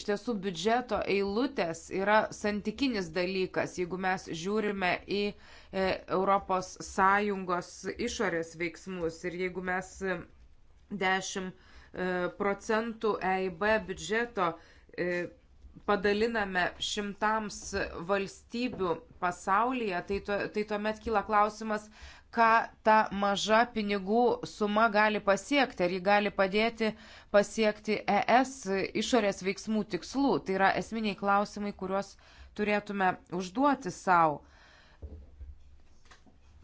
iš tiesų biudžeto eilutės yra santykinis dalykas, jeigu mes žiūrime į e, Europos Sąjungos išorės veiksmus ir jeigu mes e, 10 e, procentų EIB biudžeto e, padaliname šimtams valstybių pasaulyje, tai, to, tai tuomet kyla klausimas, ką ta maža pinigų suma gali pasiekti, ar ji gali padėti pasiekti ES išorės veiksmų tikslų. Tai yra esminiai klausimai, kuriuos turėtume užduoti savo.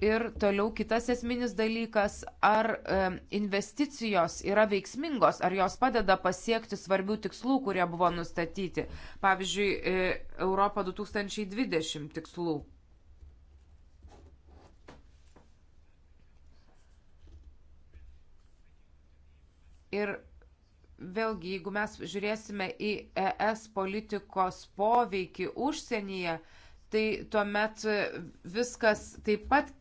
Ir toliau kitas esminis dalykas, ar e, investicijos yra veiksmingos, ar jos padeda pasiekti svarbių tikslų, kurie buvo nustatyti. Pavyzdžiui, e, Europa 2020 tikslų. Ir vėlgi, jeigu mes žiūrėsime į ES politikos poveikį užsienyje, tai tuomet viskas taip pat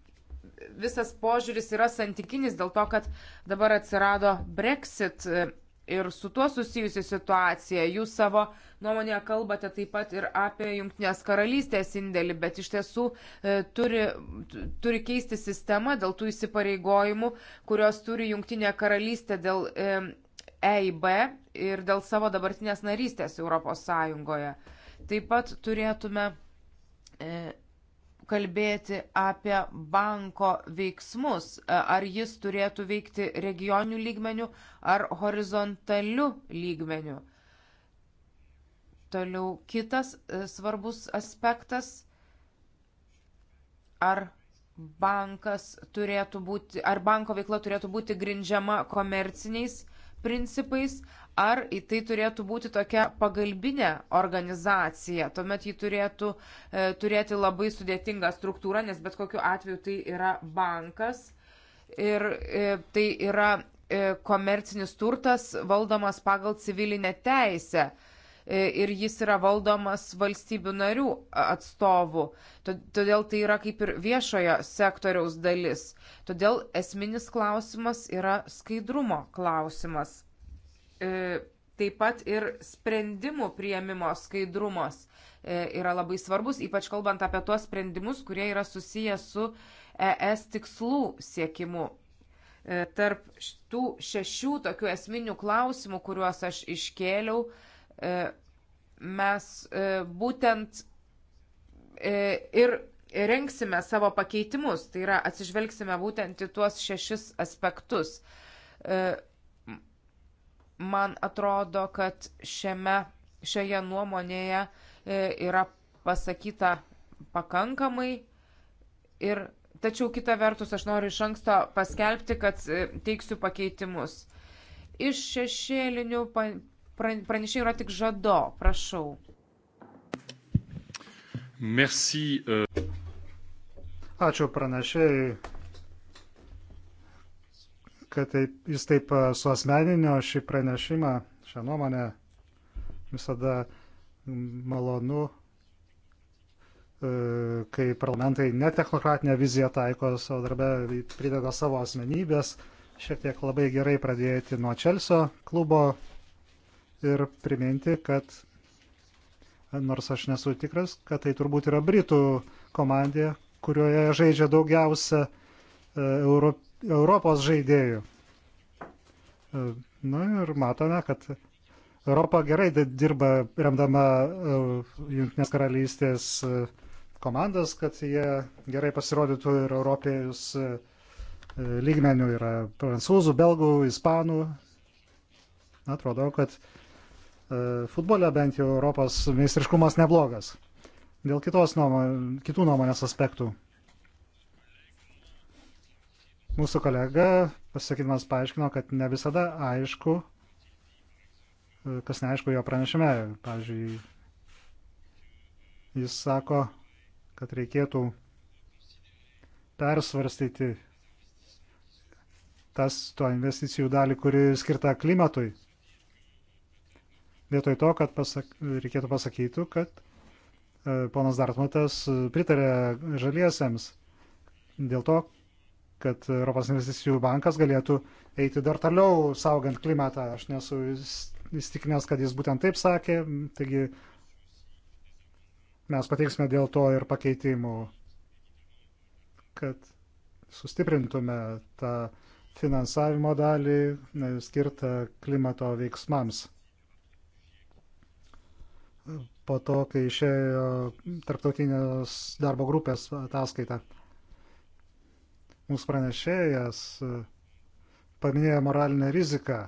visas požiūris yra santykinis dėl to, kad dabar atsirado Brexit e, ir su tuo susijusi situacija. Jūs savo nuomonėje kalbate taip pat ir apie Junktinės karalystės indėlį, bet iš tiesų e, turi, turi keisti sistema dėl tų įsipareigojimų, kurios turi Junktinė karalystė dėl e, EIB ir dėl savo dabartinės narystės Europos Sąjungoje. Taip pat turėtume e, kalbėti apie banko veiksmus, ar jis turėtų veikti regioninių lygmenių ar horizontalių lygmenių. Toliau kitas e, svarbus aspektas, ar, bankas turėtų būti, ar banko veikla turėtų būti grindžiama komerciniais principais, ar į tai turėtų būti tokia pagalbinė organizacija. Tuomet ji turėtų e, turėti labai sudėtingą struktūrą, nes bet kokiu atveju tai yra bankas ir e, tai yra e, komercinis turtas valdomas pagal civilinę teisę. E, E, ir jis yra valdomas valstybių narių atstovų. Todėl tai yra kaip ir viešojo sektoriaus dalis. Todėl esminis klausimas yra skaidrumo klausimas. E, taip pat ir sprendimų prieimimo skaidrumas e, yra labai svarbus, ypač kalbant apie tuos sprendimus, kurie yra susiję su ES tikslų siekimu tarp tų šešių tokių esminių klausimų, kuriuos aš iškėliau, E, mes e, būtent e, ir renksime savo pakeitimus, tai yra atsižvelgsime būtent į tuos šešis aspektus. Man atrodo, kad šiame, šioje nuomonėje yra pasakyta pakankamai ir tačiau kita vertus aš noriu iš anksto paskelbti, kad teiksiu pakeitimus. Iš šešėlinių Pranešė yra tik žado, prašau. Merci. Euh. Ačiū pranešėjai, kad taip, jis taip e, suasmeninio šį pranešimą, šią nuomonę. Visada malonu, e, kai parlamentai netechnokratinę viziją taiko savo darbę, prideda savo asmenybės. Šiek tiek labai gerai pradėti nuo Čelso klubo ir priminti, kad nors aš nesu tikras, kad tai turbūt yra Britų komandė, kurioje žaidžia daugiausia e, Euro, Europos žaidėjų. E, Na nu ir matome, kad Europa gerai dirba remdama e, Junktinės karalystės komandas, kad jie gerai pasirodytų ir europėjus lygmenių yra prancūzų, belgų, ispanų. Atrodo, kad E, futbole bent jau Europos meistriškumas neblogas. Dėl kitos nuomonės, kitų nuomonės aspektų. Mūsų kolega pasakydamas paaiškino, kad ne visada aišku, e, kas neaišku jo pranešime. Pavyzdžiui, jis sako, kad reikėtų persvarstyti tas to investicijų dalį, kuri skirta klimatui Vietoj to, kad pasak, reikėtų pasakyti, kad e, ponas Dartmatas e, pritarė žaliesiems dėl to, kad Europos investicijų bankas galėtų eiti dar toliau, saugant klimatą. Aš nesu įstikinęs, kad jis būtent taip sakė, taigi mes pateiksime dėl to ir pakeitimų, kad sustiprintume tą finansavimo dalį e, skirtą klimato veiksmams po to, kai išėjo tarptautinės darbo grupės ataskaita. Mūsų pranešėjas e, paminėjo moralinę riziką.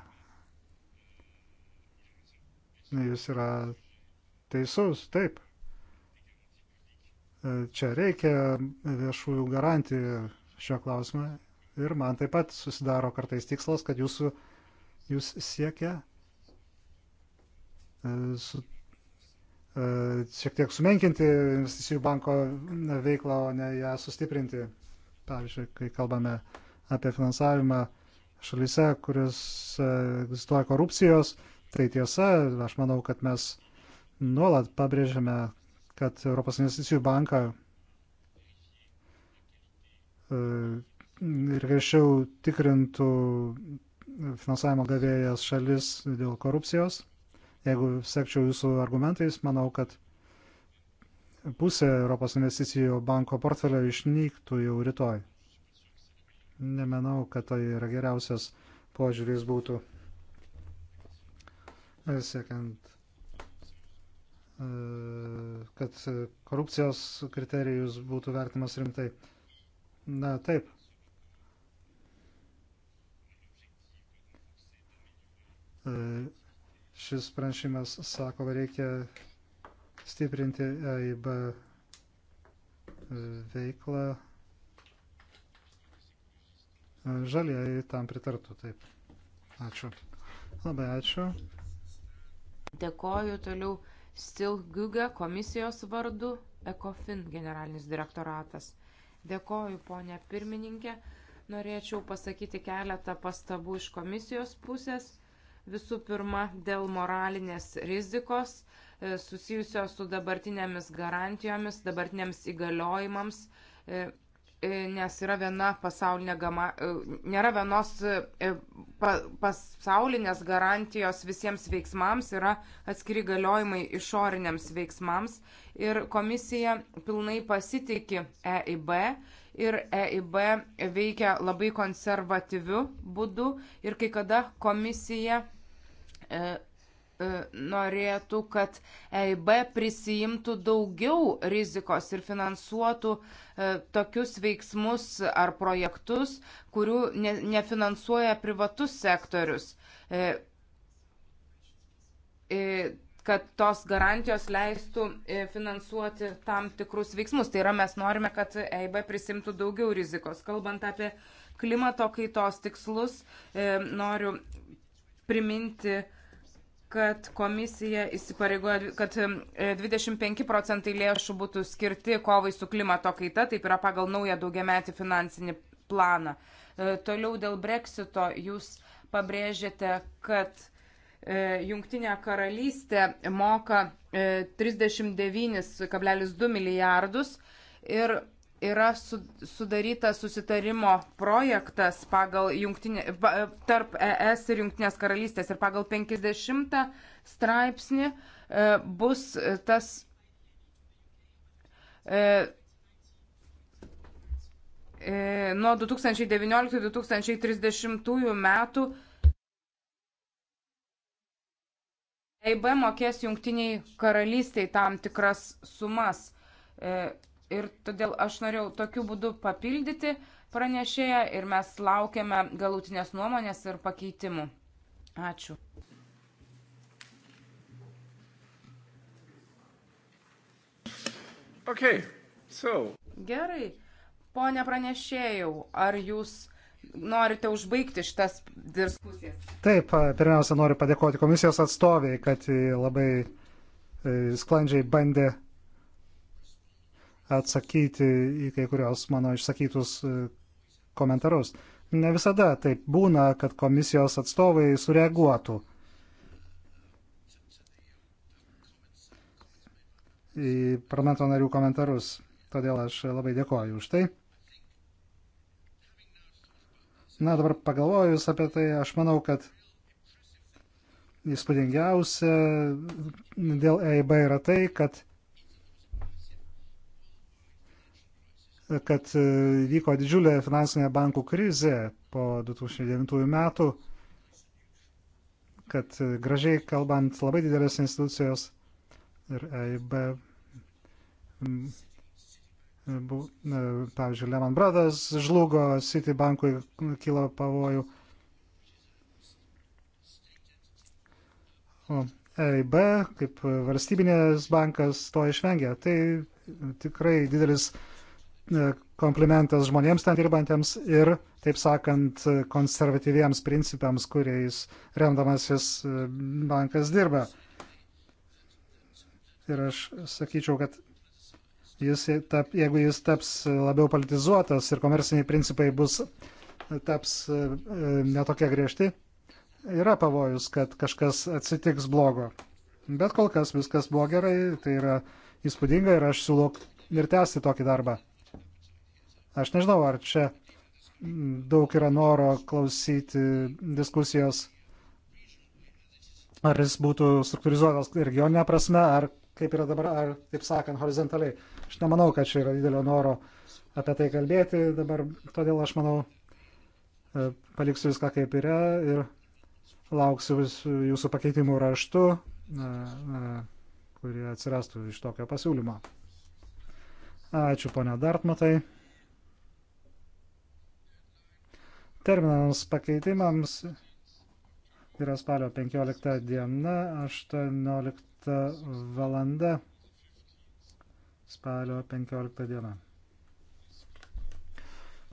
Jis yra teisus, taip. E, čia reikia viešųjų garantijų šio klausimą. Ir man taip pat susidaro kartais tikslas, kad jūsų, jūs siekia e, su E, šiek tiek sumenkinti investicijų banko veiklą, o ne ją sustiprinti. Pavyzdžiui, kai kalbame apie finansavimą šalyse, kuris e, egzistuoja korupcijos, tai tiesa, aš manau, kad mes nuolat pabrėžiame, kad Europos investicijų banką e, ir griežčiau tikrintų finansavimo gavėjas šalis dėl korupcijos Jeigu sekčiau jūsų argumentais, manau, kad pusė Europos investicijų banko portfelio išnyktų jau rytoj. Nemanau, kad tai yra geriausias požiūris būtų e, siekiant, e, kad korupcijos kriterijus būtų vertimas rimtai. Na taip, Šis pranešimas sako, reikia stiprinti EIB veiklą. Žalieji tam pritartų, taip. Ačiū. Labai ačiū. Dėkoju toliau Stil Guga komisijos vardu ECOFIN generalinis direktoratas. Dėkoju, ponė pirmininkė. Norėčiau pasakyti keletą pastabų iš komisijos pusės. Visų pirma, dėl moralinės rizikos e, susijusios su dabartinėmis garantijomis, dabartinėms įgaliojimams, e, e, nes yra viena pasaulinė gama, nėra vienos pasaulinės garantijos visiems veiksmams, yra atskiri galiojimai išoriniams veiksmams ir komisija pilnai pasitikė EIB ir EIB veikia labai konservatyviu būdu ir kai kada komisija E, e, norėtų, kad EIB prisijimtų daugiau rizikos ir finansuotų e, tokius veiksmus ar projektus, kurių nefinansuoja privatus sektorius. Kad tos garantijos leistų finansuoti tam tikrus veiksmus. Tai yra, mes norime, kad EIB prisimtų daugiau rizikos. Kalbant apie klimato kaitos tikslus, noriu priminti, kad komisija įsipareigoja, kad 25 e, procentai lėšų būtų skirti kovai su klimato kaita, taip yra pagal naują daugiametį finansinį planą. E, toliau dėl breksito jūs pabrėžėte, kad e, Jungtinė karalystė moka 39,2 milijardus ir yra sudarytas susitarimo projektas pagal jungtinė, tarp ES ir Junktinės karalystės ir pagal 50 straipsnį e, bus e, tas e, nuo 2019-2030 metų EIB mokės jungtiniai karalystiai tam tikras sumas. Ir todėl aš norėjau tokiu būdu papildyti pranešėją ir mes laukiame galutinės nuomonės ir pakeitimų. Ačiū. Okay, so. Gerai. Pone pranešėjau, ar jūs norite užbaigti šitas diskusijas? Taip, pirmiausia, noriu padėkoti komisijos atstoviai, kad labai e, sklandžiai bandė atsakyti į kai kurios mano išsakytus e, komentarus. Ne visada taip būna, kad komisijos atstovai sureaguotų. į parlamento narių komentarus. Todėl aš labai dėkoju už tai. Na, dabar pagalvojus apie tai, aš manau, kad įspūdingiausia dėl EIB yra tai, kad kad e, vyko didžiulė finansinė bankų krizė po 2009 metų, kad e, gražiai kalbant labai didelės institucijos ir EIB, e, pavyzdžiui, Lehman Brothers žlugo, City bankui kilo pavojų. O EIB kaip valstybinės bankas to išvengė. Tai tikrai didelis uh, E, komplimentas žmonėms ten dirbantiems ir, taip sakant, konservatyviems principams, kuriais remdamasis e, bankas dirba. Ir aš sakyčiau, kad jis, tap, jeigu jis taps labiau politizuotas ir komerciniai principai bus, e, taps netokie griežti, yra pavojus, kad kažkas atsitiks blogo. Bet kol kas viskas buvo gerai, tai yra įspūdinga ir aš siūlau ir tęsti tokį darbą. Aš nežinau, ar čia daug yra noro klausyti diskusijos, ar jis būtų struktūrizuotas regioninė prasme, ar kaip yra dabar, ar taip sakant, horizontaliai. Aš nemanau, kad čia yra didelio noro apie tai kalbėti dabar, todėl aš manau, e, paliksiu viską kaip yra ir lauksiu jūsų pakeitimų raštu, e, e, kurie atsirastų iš tokio pasiūlymo. Ačiū ponia Dartmatai. Terminams pakeitimams yra spalio 15 diena, 18 valanda, spalio 15 diena.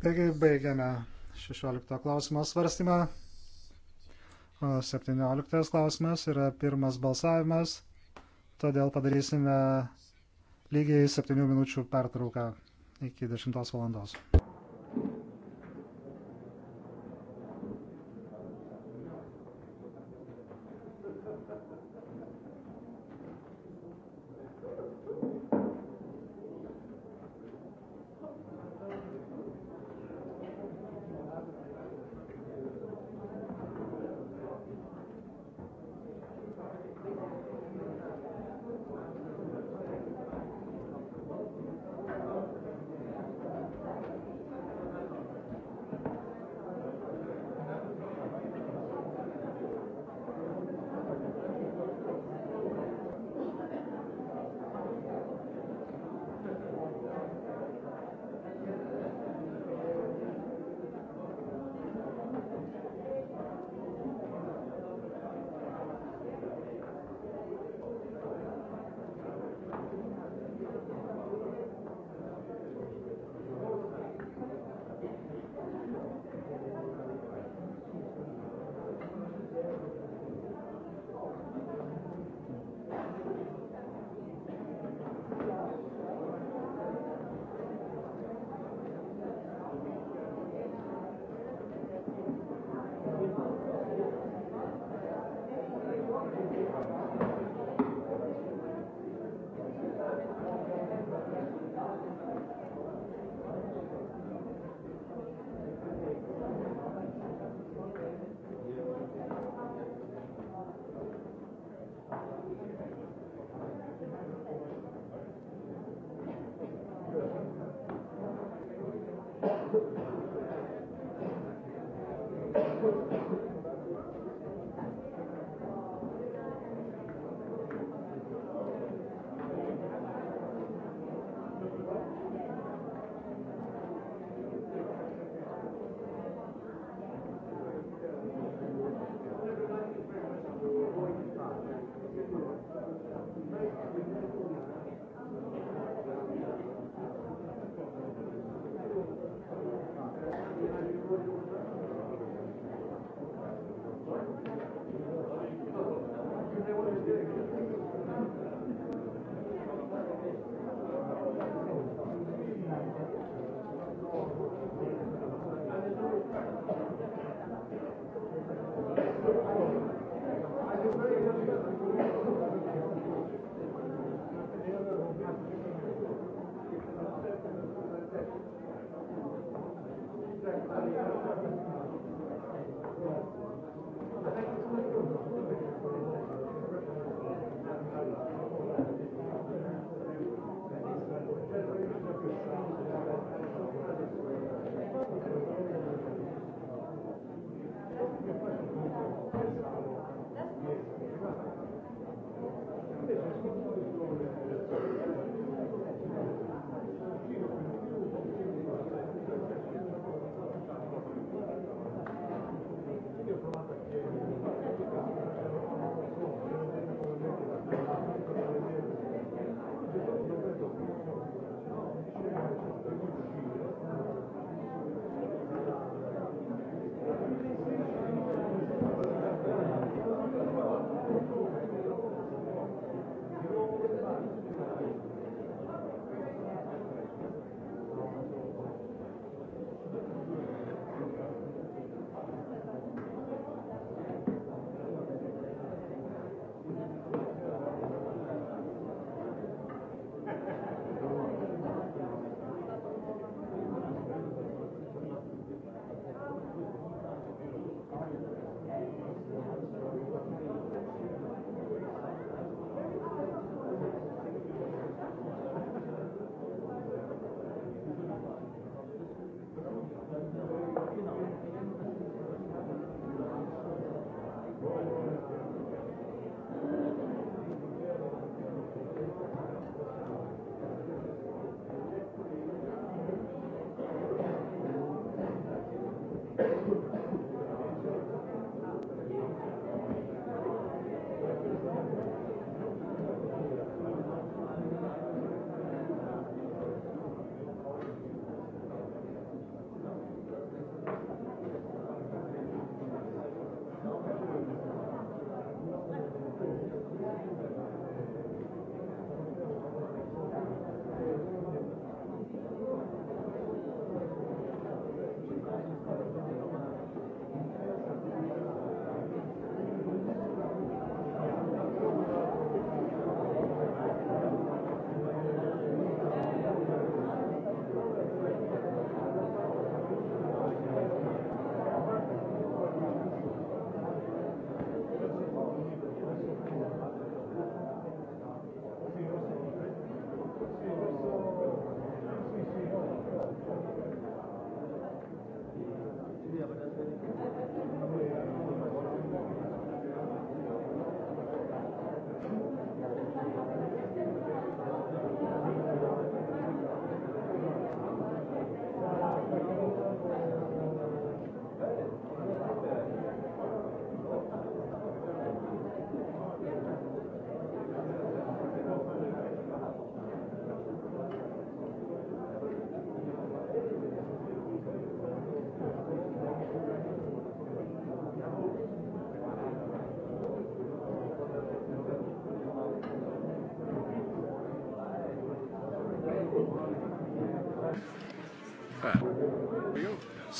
Taigi baigiame 16 klausimo svarstymą. 17 klausimas yra pirmas balsavimas, todėl padarysime lygiai 7 minučių pertrauką iki 10 valandos.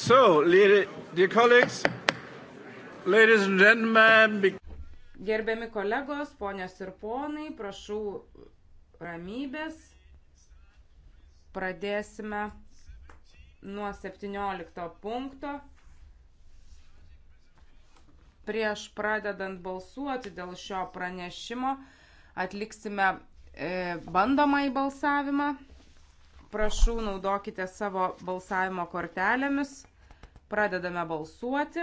So, dear colleagues, ladies and gentlemen. Gerbiami kolegos, ponios ir ponai, prašau ramybės. Pradėsime nuo 17 punkto. Prieš pradedant balsuoti dėl šio pranešimo atliksime e, bandomąjį balsavimą prašau naudokite savo balsavimo kortelėmis Pradedame balsuoti.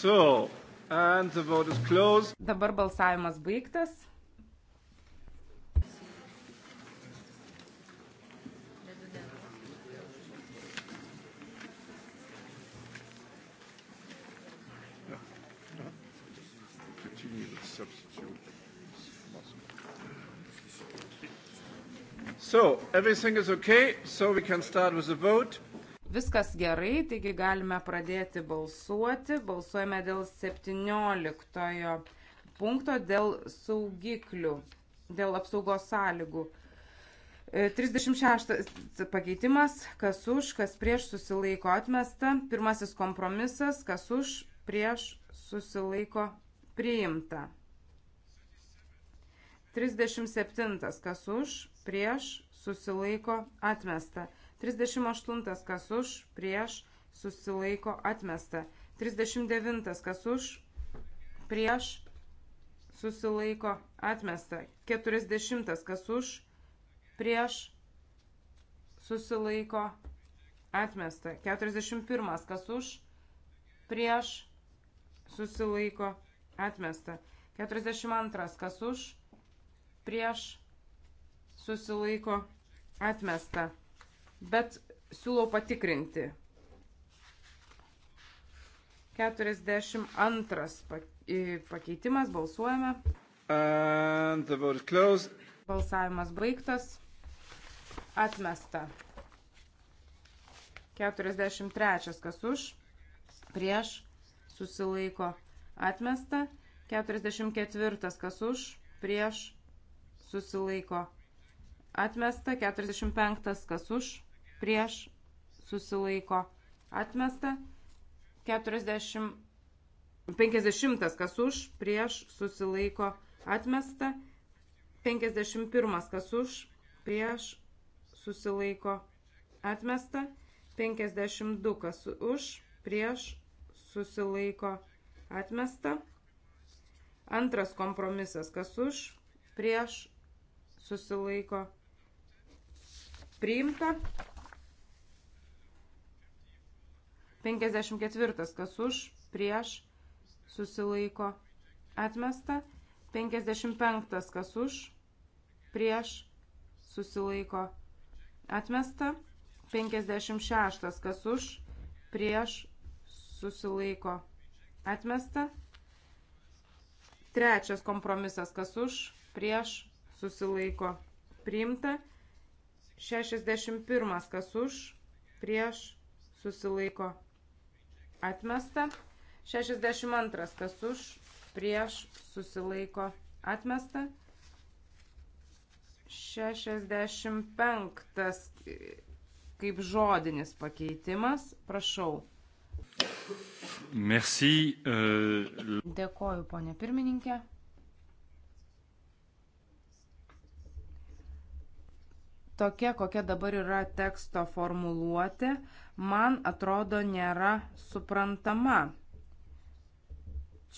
So, Dabar balsavimas baigtas. So, everything is okay, so we can start with the vote. Viskas gerai, taigi galime pradėti balsuoti. Balsuojame dėl 17 punkto, dėl saugiklių, dėl apsaugos sąlygų. 36 e, pakeitimas, kas už, kas prieš susilaiko atmesta. Pirmasis kompromisas, kas už, prieš susilaiko priimta. 37. Kas už, prieš, susilaiko, atmesta. 38. Kas už, prieš, susilaiko, atmesta. 39. Kas už, prieš, susilaiko, atmesta. 40. Kas už, prieš, susilaiko, atmesta. 41. Kas už, prieš, susilaiko, atmesta. 42. Kas už, prieš susilaiko atmesta. Bet siūlau patikrinti. 42 pakeitimas, balsuojame. Balsavimas baigtas. Atmesta. 43 kas už, prieš, susilaiko, atmesta. 44 kas už, prieš, susilaiko atmesta, 45 kas už, prieš susilaiko atmesta, 40, 50 kas už, prieš susilaiko atmesta, 51 kas už, prieš susilaiko atmesta, 52 kas už, prieš susilaiko atmesta. Antras kompromisas, kas už, prieš susilaiko priimta. 54. Kas už, prieš, susilaiko atmesta. 55. Kas už, prieš, susilaiko atmesta. 56. Kas už, prieš, susilaiko atmesta. Trečias kompromisas, kas už, prieš, susilaiko priimta. 61 kas už, prieš susilaiko atmesta. 62 kas už, prieš susilaiko atmesta. 65 kaip žodinis pakeitimas, prašau. Merci. Uh... Dėkoju, ponė pirmininkė. tokia, kokia dabar yra teksto formuluotė, man atrodo nėra suprantama.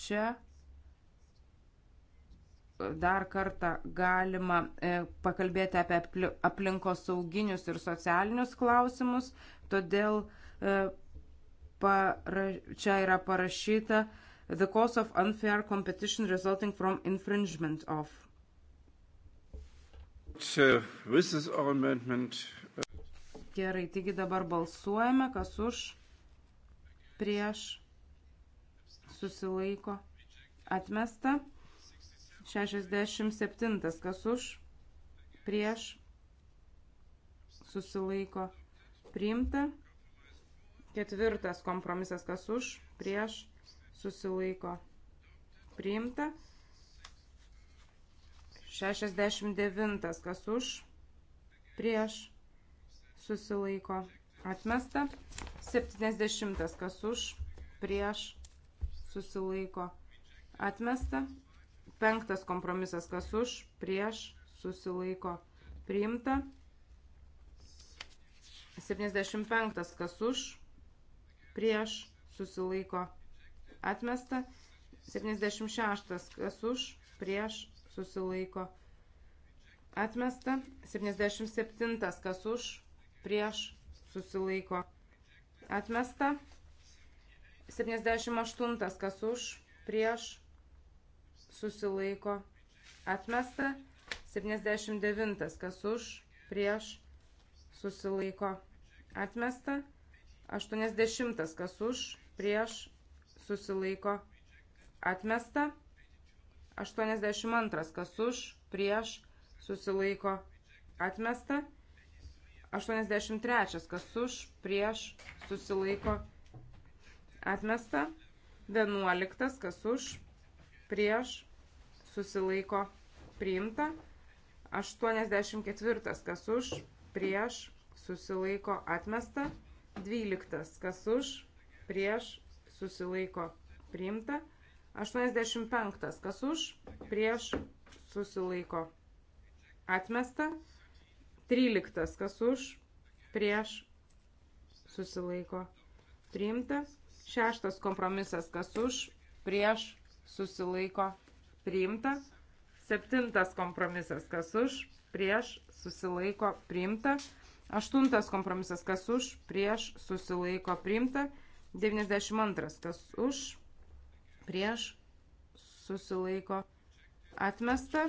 Čia dar kartą galima e, pakalbėti apie aplinkos sauginius ir socialinius klausimus, todėl e, para, čia yra parašyta The cause of unfair competition resulting from infringement of Äh, äh. Gerai, taigi dabar balsuojame, kas už, prieš, susilaiko, atmesta. 67, kas už, prieš, susilaiko, priimta. Ketvirtas kompromisas, kas už, prieš, susilaiko, priimta. 69. Kas už? Prieš. Susilaiko. Atmesta. 70. Kas už? Prieš. Susilaiko. Atmesta. Penktas kompromisas. Kas už? Prieš. Susilaiko. Priimta. 75. Kas už? Prieš. Susilaiko. Atmesta. 76. Kas už? Prieš susilaiko atmesta. 77 kas už, prieš susilaiko atmesta. 78 kas už, prieš susilaiko atmesta. 79 kas už, prieš susilaiko atmesta. 80 kas už, prieš susilaiko atmesta. 82 kas už, prieš, susilaiko, atmesta. 83 kas už, prieš, susilaiko, atmesta. 11 kas už, prieš, susilaiko, priimta. 84 kas už, prieš, susilaiko, atmesta. 12 kas už, prieš, susilaiko, priimta. 85. Kas už? Prieš susilaiko. Atmesta. 13. Kas už? Prieš susilaiko. Priimta. Šeštas kompromisas. Kas už? Prieš susilaiko. Priimta. Septintas kompromisas. Kas už? Prieš susilaiko. Priimta. Aštuntas kompromisas. Kas už? Prieš susilaiko. Priimta. 92. Kas už? prieš susilaiko atmesta.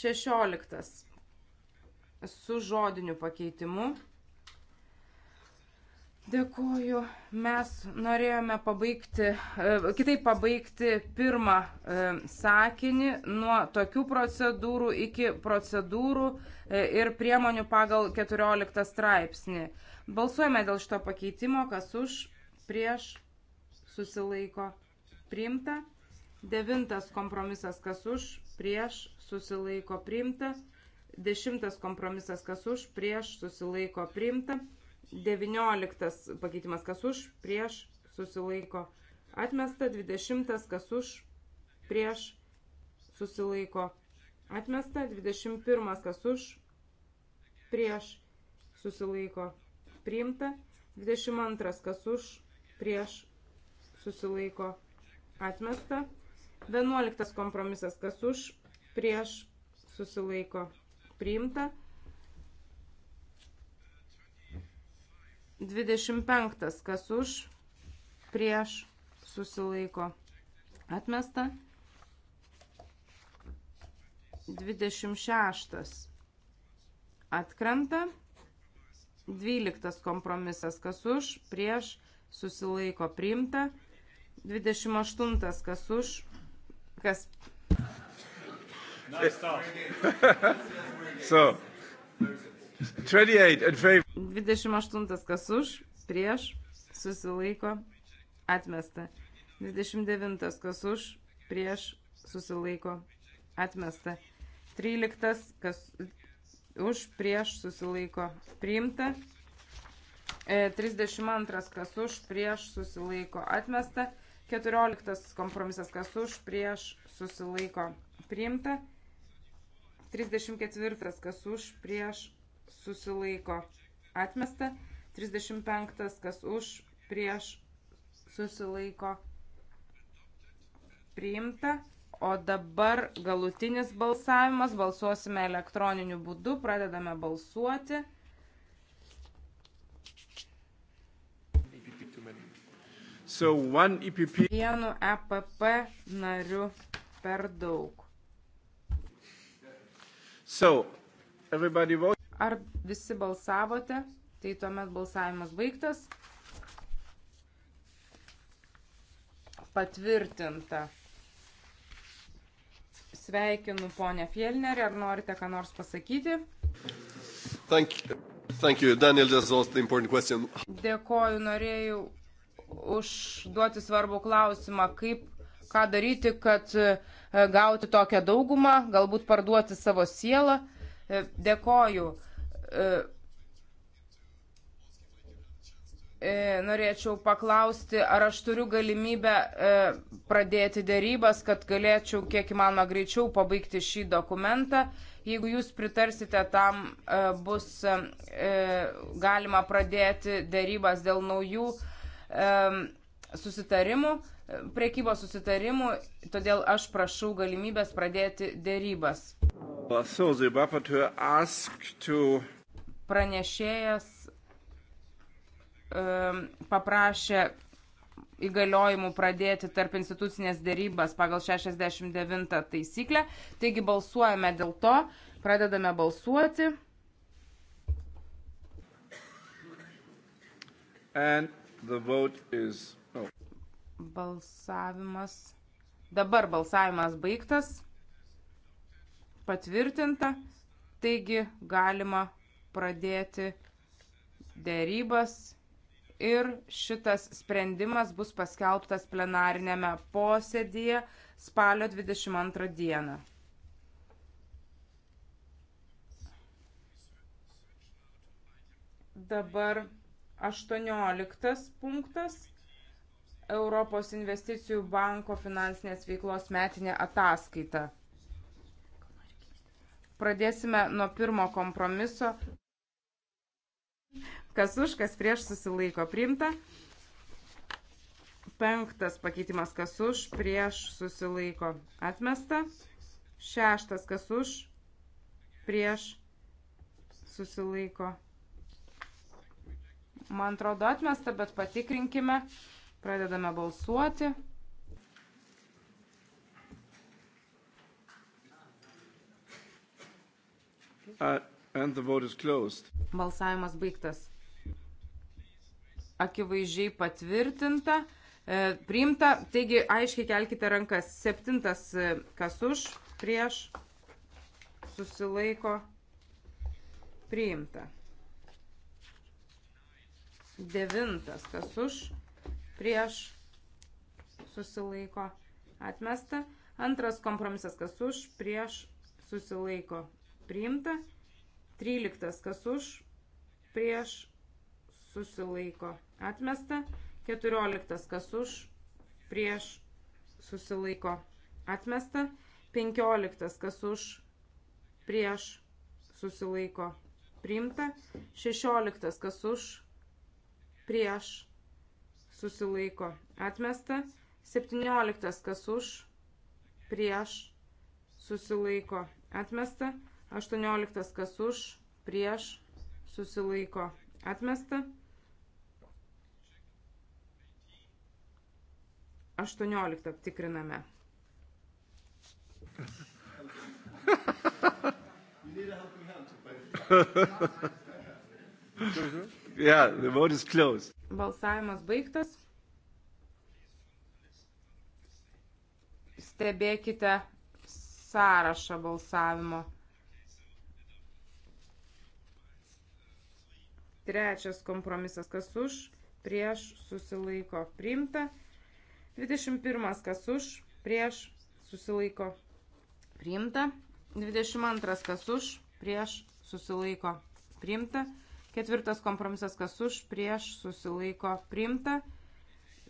16 su žodiniu pakeitimu. Dėkuoju. Mes norėjome pabaigti, e, kitaip pabaigti pirmą e, sakinį nuo tokių procedūrų iki procedūrų e, ir priemonių pagal 14 straipsnį. Balsuojame dėl šito pakeitimo, kas už, prieš, susilaiko priimta. Devintas kompromisas kas už, prieš susilaiko priimta. Dešimtas kompromisas kas už, prieš susilaiko priimta. Devynioliktas pakeitimas kas už, prieš susilaiko atmesta. Dvidešimtas kas už, prieš susilaiko atmesta. Dvidešimt pirmas kas už, prieš susilaiko priimta. Dvidešimt antras kas už, prieš susilaiko atmesta. 11 kompromisas kas už, prieš susilaiko priimta. 25 kas už, prieš susilaiko atmesta. 26 atkrenta. 12 kompromisas kas už, prieš susilaiko priimta. 28 kas už, kas. so. 28 kas už, prieš, susilaiko, atmesta. 29 kas už, prieš, susilaiko, atmesta. 13 kas už, prieš, susilaiko, priimta. 32 e, kas už, prieš susilaiko atmesta. 14 kompromisas kas už, prieš susilaiko priimta. 34 kas už, prieš susilaiko atmesta. 35 kas už, prieš susilaiko priimta. O dabar galutinis balsavimas. Balsuosime elektroniniu būdu. Pradedame balsuoti. So one EPP. Vienu EPP nariu per daug. So, everybody vote. Ar visi balsavote? Tai tuomet balsavimas baigtas. Patvirtinta. Sveikinu ponę Fielnerį, ar norite ką nors pasakyti? Thank you. Thank you. Daniel, Dėkoju, norėjau užduoti svarbų klausimą, kaip, ką daryti, kad e, gauti tokią daugumą, galbūt parduoti savo sielą. E, dėkoju. E, norėčiau paklausti, ar aš turiu galimybę pradėti dėrybas, kad galėčiau kiek įmanoma greičiau pabaigti šį dokumentą. Jeigu jūs pritarsite, tam bus galima pradėti dėrybas dėl naujų susitarimų, priekybos susitarimų, todėl aš prašau galimybės pradėti dėrybas. Pranešėjas paprašė įgaliojimų pradėti tarp institucinės dėrybas pagal 69 taisyklę. Taigi balsuojame dėl to, pradedame balsuoti. And Is... Oh. Balsavimas. Dabar balsavimas baigtas. Patvirtinta. Taigi galima pradėti dėrybas ir šitas sprendimas bus paskelbtas plenarinėme posėdėje spalio 22 dieną. Dabar 18 punktas Europos investicijų banko finansinės veiklos metinė ataskaita. Pradėsime nuo pirmo kompromiso. Kas už, kas prieš susilaiko priimta. Penktas pakeitimas, kas už, prieš susilaiko atmesta. Šeštas, kas už, prieš susilaiko atmesta Man atrodo atmesta, bet patikrinkime. Pradedame balsuoti. Balsavimas baigtas. Akivaizdžiai patvirtinta, e, priimta, taigi aiškiai kelkite rankas. Septintas, e, kas už, prieš, susilaiko, priimta devintas, kas už, prieš, susilaiko, atmesta. Antras kompromisas, kas už, prieš, susilaiko, priimta. Tryliktas, kas už, prieš, susilaiko, atmesta. Keturioliktas, kas už, prieš, susilaiko, atmesta. Penkioliktas, kas už, prieš, susilaiko, priimta. Šešioliktas, kas už, prieš susilaiko atmesta, 17 kas už prieš susilaiko atmesta, 18 kas už prieš susilaiko atmesta. 18 aptikriname. you need a helping hand to play. Yeah, the vote is closed. Balsavimas baigtas. Stebėkite sąrašą balsavimo. Trečias kompromisas, kas už, prieš, susilaiko, priimta. 21, kas už, prieš, susilaiko, priimta. 22, kas už, prieš, susilaiko, priimta. Ketvirtas kompromisas, kas už, prieš, susilaiko, priimta.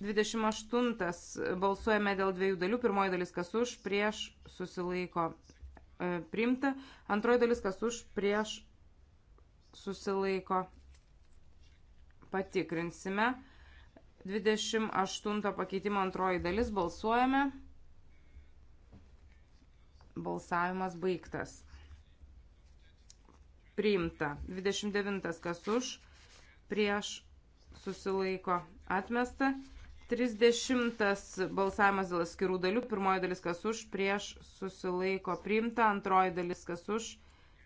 28 balsuojame dėl dviejų dalių. Pirmoji dalis, kas už, prieš, susilaiko, e, priimta. Antroji dalis, kas už, prieš, susilaiko, patikrinsime. 28 pakeitimo antroji dalis balsuojame. Balsavimas baigtas priimta. 29 kas už, prieš susilaiko atmesta. 30 balsavimas dėl skirų dalių. Pirmoji dalis kas už, prieš susilaiko priimta. Antroji dalis kas už,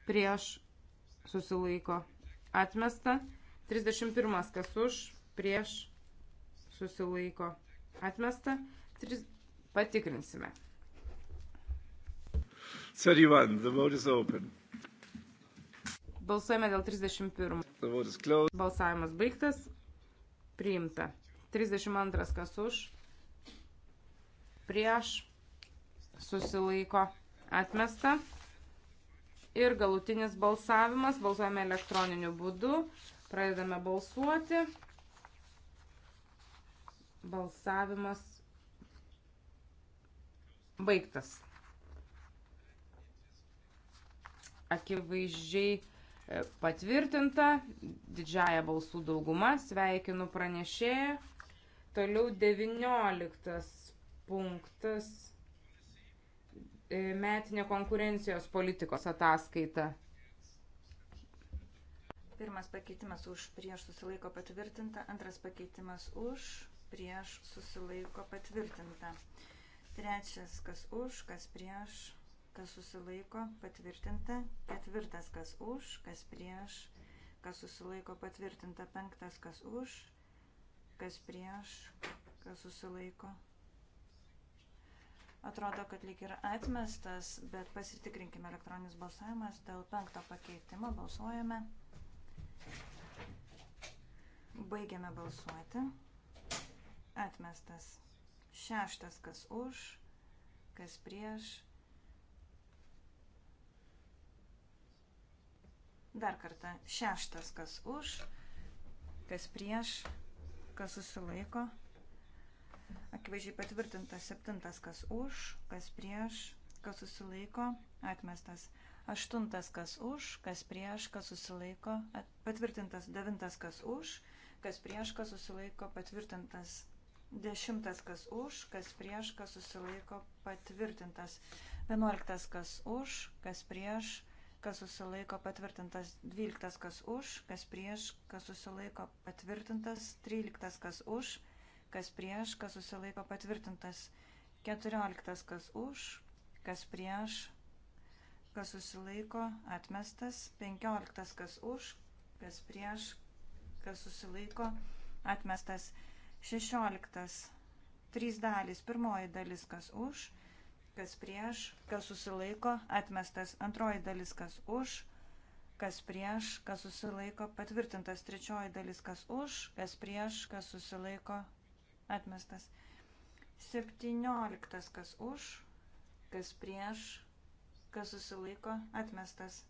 prieš susilaiko atmesta. 31 kas už, prieš susilaiko atmesta. 3... Patikrinsime. 31. The vote is open. Balsuojame dėl 31. Balsavimas baigtas. Priimta. 32 kas už. Prieš. Susilaiko. Atmesta. Ir galutinis balsavimas. Balsuojame elektroniniu būdu. Pradedame balsuoti. Balsavimas baigtas. Akivaizdžiai E, patvirtinta didžiaja balsų dauguma. Sveikinu pranešėją. Toliau 19 punktas e, metinė konkurencijos politikos ataskaita. Pirmas pakeitimas už prieš susilaiko patvirtinta, antras pakeitimas už prieš susilaiko patvirtinta. Trečias, kas už, kas prieš kas susilaiko, patvirtinta. Ketvirtas, kas už, kas prieš, kas susilaiko, patvirtinta. Penktas, kas už, kas prieš, kas susilaiko. Atrodo, kad lyg ir atmestas, bet pasitikrinkime elektroninis balsavimas dėl penkto pakeitimo. Balsuojame. Baigiame balsuoti. Atmestas. Šeštas, kas už, kas prieš, Dar kartą. Šeštas, kas už, kas prieš, kas susilaiko. Akivaizdžiai patvirtintas. Septintas, kas už, kas prieš, kas susilaiko. Atmestas. Aštuntas, kas už, kas prieš, kas susilaiko. Patvirtintas. Devintas, kas už, kas prieš, kas susilaiko. Patvirtintas. Dešimtas, kas už, kas prieš, kas susilaiko. Patvirtintas. Vienuoliktas, kas už, kas prieš, kas susilaiko kas susilaiko patvirtintas 12, kas už, kas prieš, kas susilaiko patvirtintas 13, kas už, kas prieš, kas susilaiko patvirtintas 14, kas už, kas prieš, kas susilaiko atmestas 15, kas už, kas prieš, kas susilaiko atmestas 16, 3 dalys, pirmoji dalis, kas už, kas prieš, kas susilaiko, atmestas. Antroji dalis, kas už, kas prieš, kas susilaiko, patvirtintas. Trečioji dalis, kas už, kas prieš, kas susilaiko, atmestas. Septynioliktas, kas už, kas prieš, kas susilaiko, atmestas.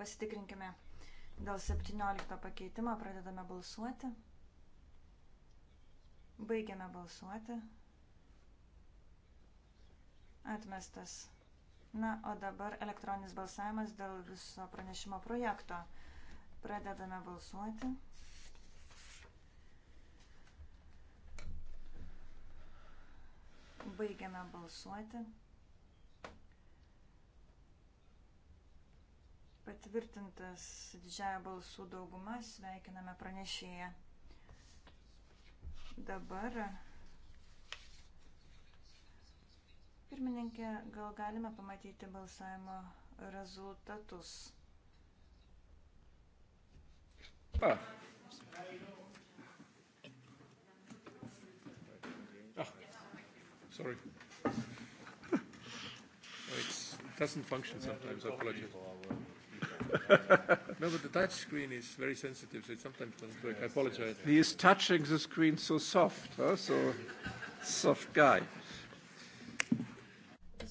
Pasitikrinkime. Dėl 17 pakeitimo pradedame balsuoti. Baigiame balsuoti. Atmestas. Na, o dabar elektroninis balsavimas dėl viso pranešimo projekto. Pradedame balsuoti. Baigiame balsuoti. Patvirtintas didžiaja balsų dauguma, sveikiname pranešėją. Dabar Pirmininkė, gal galime pamatyti balsavimo rezultatus? Pa. Ah, sorry. It doesn't function sometimes, I apologize. no, but the touch screen is very sensitive, so it sometimes doesn't work. I apologize. He is touching the screen so soft, huh? so soft guy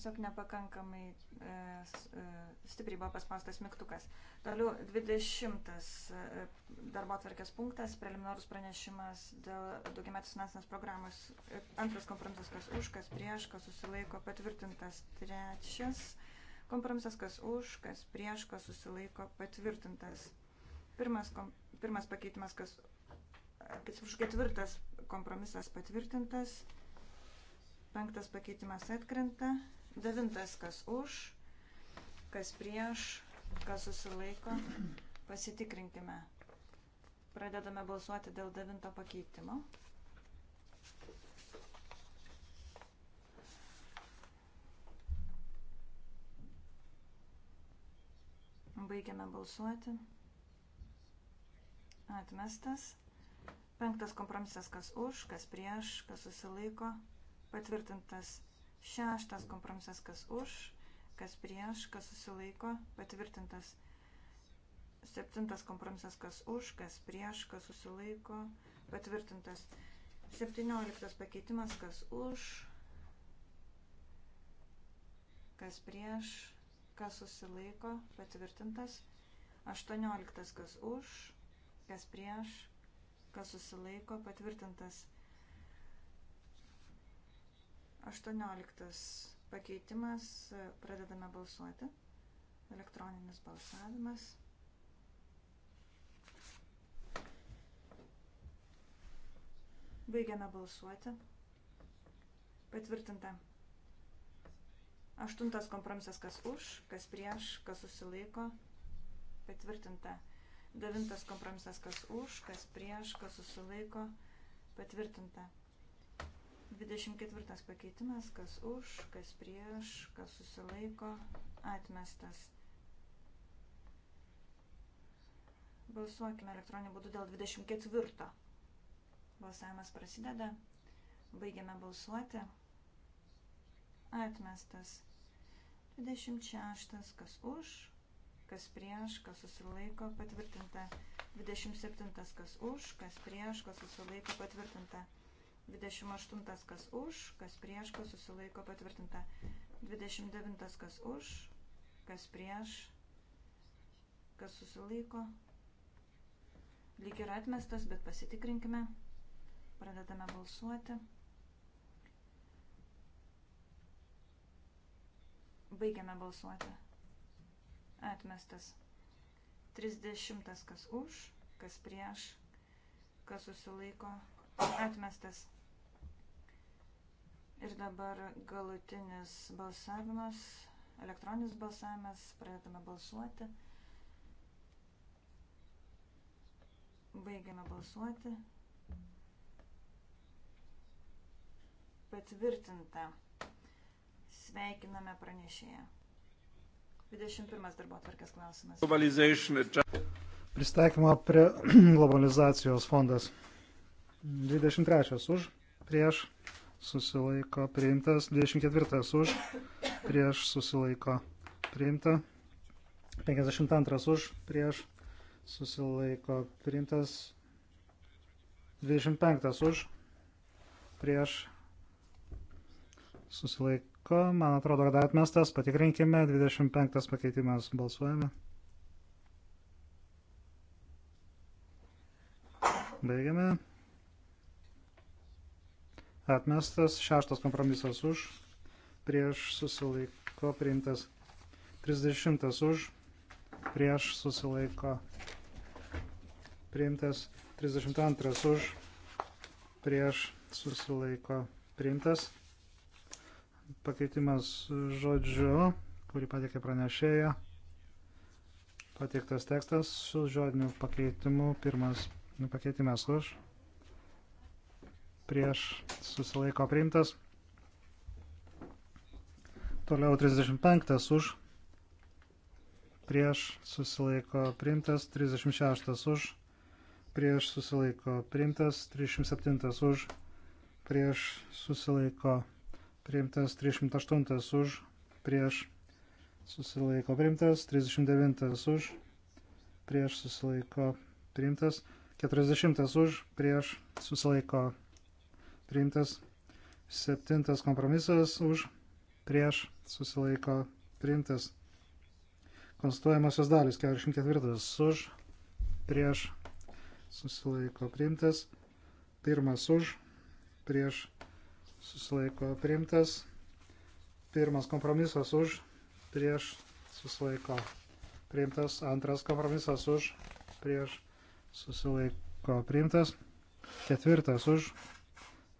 tiesiog nepakankamai e, e, stipriai buvo paspaustas mygtukas. Toliau 20 e, darbo atvarkės punktas, preliminarus pranešimas dėl daugiametės finansinės programos. E, antras kompromisas, kas už, kas prieš, kas susilaiko, patvirtintas. Trečias kompromisas, kas už, kas prieš, kas susilaiko, patvirtintas. Pirmas, kom, pirmas pakeitimas, kas už ketvirtas kompromisas patvirtintas. Penktas pakeitimas atkrenta. Devintas, kas už, kas prieš, kas susilaiko, pasitikrinkime. Pradedame balsuoti dėl devinto pakeitimo. Baigiame balsuoti. Atmestas. Penktas kompromisas, kas už, kas prieš, kas susilaiko. Patvirtintas Šeštas kompromisas, kas už, kas prieš, kas susilaiko, patvirtintas. Septintas kompromisas, kas už, kas prieš, kas susilaiko, patvirtintas. Septynioliktas pakeitimas, kas už, kas prieš, kas susilaiko, patvirtintas. Aštuonioliktas, kas už, kas prieš, kas susilaiko, patvirtintas. 18 pakeitimas, pradedame balsuoti. Elektroninis balsavimas. Baigiame balsuoti. Patvirtinta. Aštuntas kompromisas, kas už, kas prieš, kas susilaiko. Patvirtinta. Devintas kompromisas, kas už, kas prieš, kas susilaiko. Patvirtinta. 24 pakeitimas, kas už, kas prieš, kas susilaiko, atmestas. Balsuokime elektroniniu būdu dėl 24. Balsavimas prasideda. Baigiame balsuoti. Atmestas. 26. Kas už, kas prieš, kas susilaiko, patvirtinta. 27. Kas už, kas prieš, kas susilaiko, patvirtinta. 28 kas už, kas prieš, kas susilaiko patvirtinta. 29 kas už, kas prieš, kas susilaiko. Lyg ir atmestas, bet pasitikrinkime. Pradedame balsuoti. Baigiame balsuoti. Atmestas. 30 kas už, kas prieš, kas susilaiko. Atmestas. Ir dabar galutinis balsavimas, elektroninis balsavimas, pradedame balsuoti. Baigiame balsuoti. Patvirtinta. Sveikiname pranešėją. 21 darbo atvarkės klausimas. Pristaikymo prie globalizacijos fondas. 23 už, prieš susilaiko priimtas, 24 už, prieš susilaiko priimta, 52 už, prieš susilaiko priimtas, 25 už, prieš susilaiko, man atrodo, kad atmestas, patikrinkime, 25 pakeitimas balsuojame. Baigiame atmestas, šeštas kompromisas už, prieš susilaiko priimtas, 30 už, prieš susilaiko priimtas, 32 už, prieš susilaiko priimtas. Pakeitimas žodžiu, kurį patikė pranešėja. Pateiktas tekstas su žodiniu pakeitimu. Pirmas pakeitimas už prieš susilaiko priimtas. Toliau 35 už prieš susilaiko priimtas, 36 už prieš susilaiko priimtas, 37 už prieš susilaiko priimtas, 38 už prieš susilaiko priimtas, 39 už prieš susilaiko priimtas, 40 už prieš susilaiko priimtas. Septintas kompromisas už, prieš, susilaiko, priimtas. Konstatuojamosios dalis 44 už, prieš, susilaiko, priimtas. Pirmas už, prieš, susilaiko, priimtas. Pirmas kompromisas už, prieš, susilaiko, priimtas. Antras kompromisas už, prieš, susilaiko, priimtas. Ketvirtas už,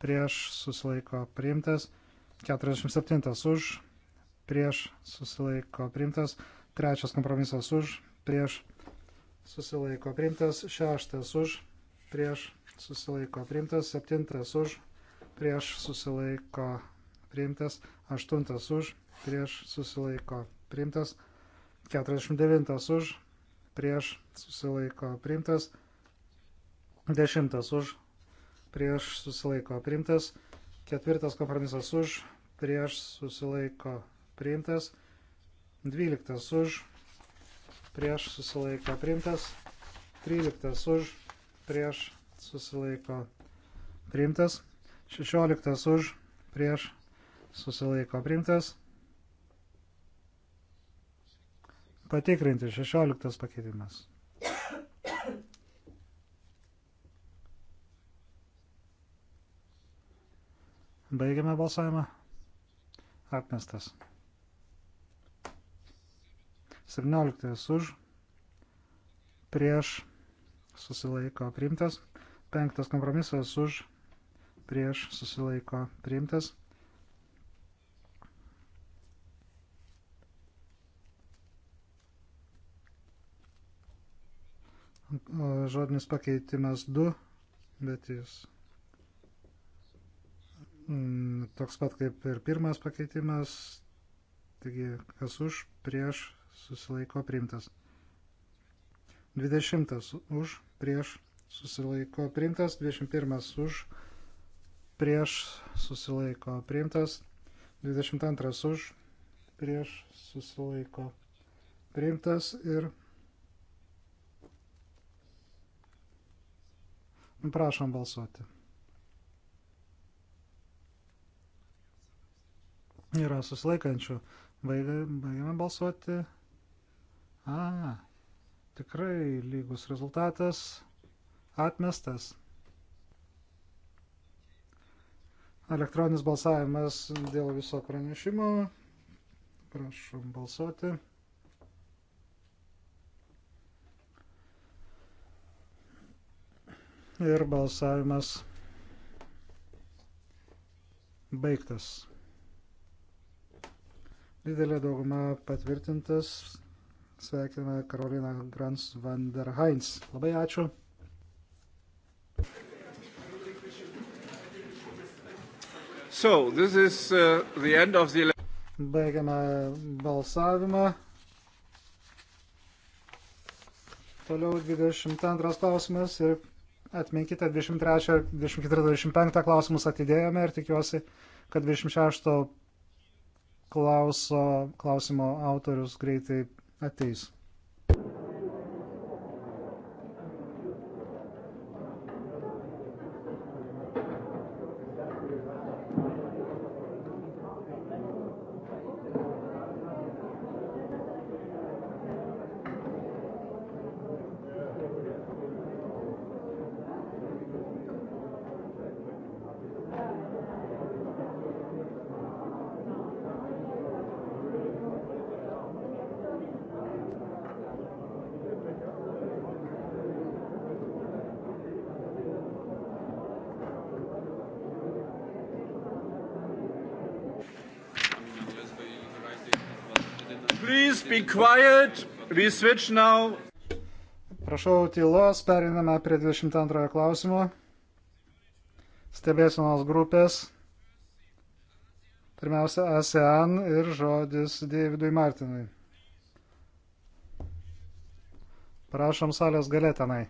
prieš susilaiko priimtas, 47 už, prieš susilaiko priimtas, trečias kompromisas už, prieš susilaiko priimtas, šeštas už, prieš susilaiko priimtas, septintas už, prieš susilaiko priimtas, aštuntas už, prieš susilaiko priimtas, 49 už, prieš susilaiko priimtas, 10 už, prieš susilaiko priimtas, ketvirtas kompromisas už, prieš susilaiko priimtas, dvyliktas už, prieš susilaiko priimtas, tryliktas už, prieš susilaiko priimtas, šešioliktas už, prieš susilaiko priimtas. Patikrinti 16 pakeitimas. Baigiame balsavimą. Atmestas. 17 už. Prieš. Susilaiko priimtas. 5 kompromisas už. Prieš. Susilaiko priimtas. Žodinis pakeitimas 2, bet jis Mm, toks pat kaip ir pirmas pakeitimas, taigi kas už, prieš, susilaiko priimtas. 20 už, prieš, susilaiko priimtas, 21 už, prieš, susilaiko priimtas, 22 už, prieš, susilaiko priimtas ir prašom balsuoti. yra susilaikančių. Baigiame balsuoti. A, tikrai lygus rezultatas atmestas. Elektroninis balsavimas dėl viso pranešimo. Prašom balsuoti. ir balsavimas baigtas didelė dauguma patvirtintas. Sveikiname Karolina Grans van der Heinz. Labai ačiū. So, this is uh, the end of the... Baigiame balsavimą. Toliau 22 klausimas ir atminkite 23, 24, 25 klausimus atidėjome ir tikiuosi, kad 26 klauso, klausimo autorius greitai ateis. quiet. We switch now. Prašau tylos, periname prie 22 klausimo. Stebėsinos grupės. Pirmiausia, ASEAN ir žodis Davidui Martinui. Prašom salės galė tenai.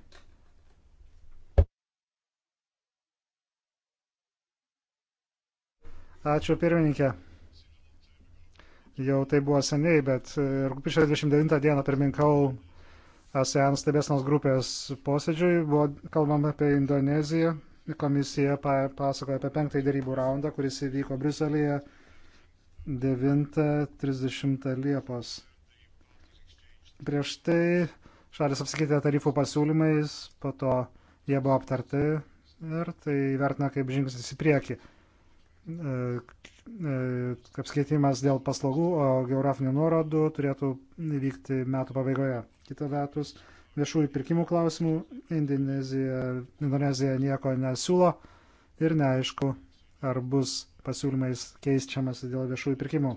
Ačiū pirmininkė. Jau tai buvo seniai, bet e, rūpiučio 29 dieną pirminkau ASEAN stebėsnos grupės posėdžiui, buvo kalbama apie Indoneziją. Komisija pasakoja apie penktąjį darybų raundą, kuris įvyko Briuselėje 9.30 Liepos. Prieš tai šalis apsikeitė tarifų pasiūlymais, po to jie buvo aptarti ir tai vertina kaip žingsnis į priekį. E, E, apskaitimas dėl paslaugų, o geografinių nuorodų turėtų vykti metų pabaigoje. Kita vertus, viešųjų pirkimų klausimų Indonezija, Indonezija nieko nesiūlo ir neaišku, ar bus pasiūlymais keičiamas dėl viešųjų pirkimų.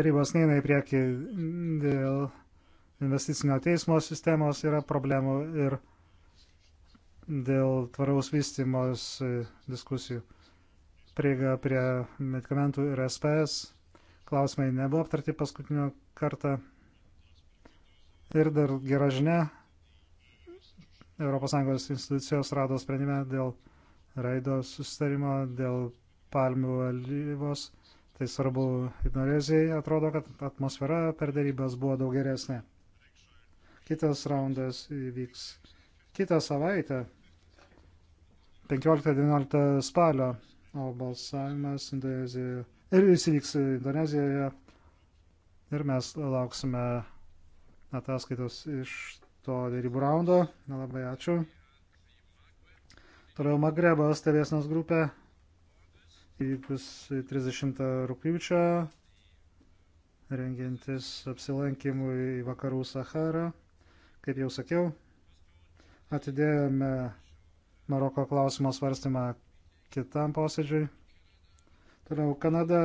Darybos neina į priekį dėl investicinio teismo sistemos yra problemų ir dėl tvaraus vystimos diskusijų prieiga prie medikamentų ir SPS. Klausimai nebuvo aptarti paskutinio kartą. Ir dar gera žinia, ES institucijos rado sprendimą dėl raido susitarimo, dėl palmių alyvos. Tai svarbu Indonezijai, atrodo, kad atmosfera per darybas buvo daug geresnė. Kitas raundas įvyks kitą savaitę, 15-19 spalio o balsavimas Indonezijoje ir jis įvyks Indonezijoje ir mes lauksime ataskaitos iš to dėrybų raundo. Labai ačiū. Toliau Magrebo stebėsnos grupė įvykus 30 rūpiučio rengiantis apsilankimui į vakarų Saharą. Kaip jau sakiau, atidėjome Maroko klausimo svarstymą kitam posėdžiui. Toliau Kanada.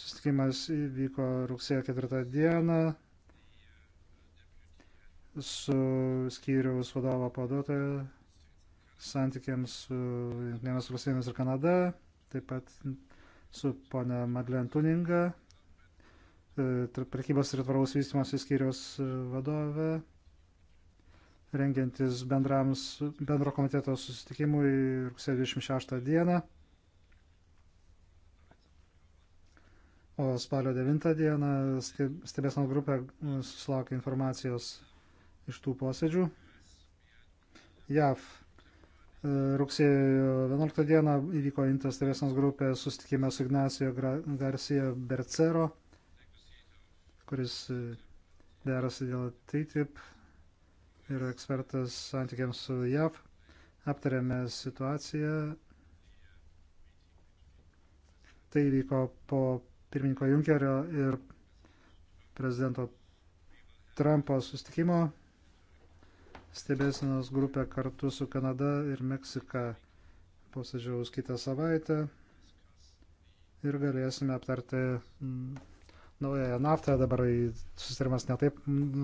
Susitikimas įvyko rugsėjo 4 dieną su skyriaus vadovo pavaduotoja santykiams su Junktinėmis valstybėmis ir Kanada, taip pat su ponia Madlen Tuninga, e, prekybos ir tvaraus vystimosi skyriaus e, vadove, rengiantis bendrams, bendro komiteto susitikimui rugsėjo 26 dieną. O spalio 9 dieną stebėsino grupė e, susilaukė informacijos iš tų posėdžių. JAV e, rugsėjo 11 dieną įvyko Intas stebėsinos grupė susitikime su Ignacio Garcia Bercero, kuris e, derasi dėl TTIP ir ekspertas santykiams su JAV. Aptarėme situaciją. Tai vyko po pirmininko Junkerio ir prezidento Trumpo sustikimo. Stebėsinos grupė kartu su Kanada ir Meksika posėdžiaus kitą savaitę ir galėsime aptarti mm, naująją naftą, dabar susitarimas netaip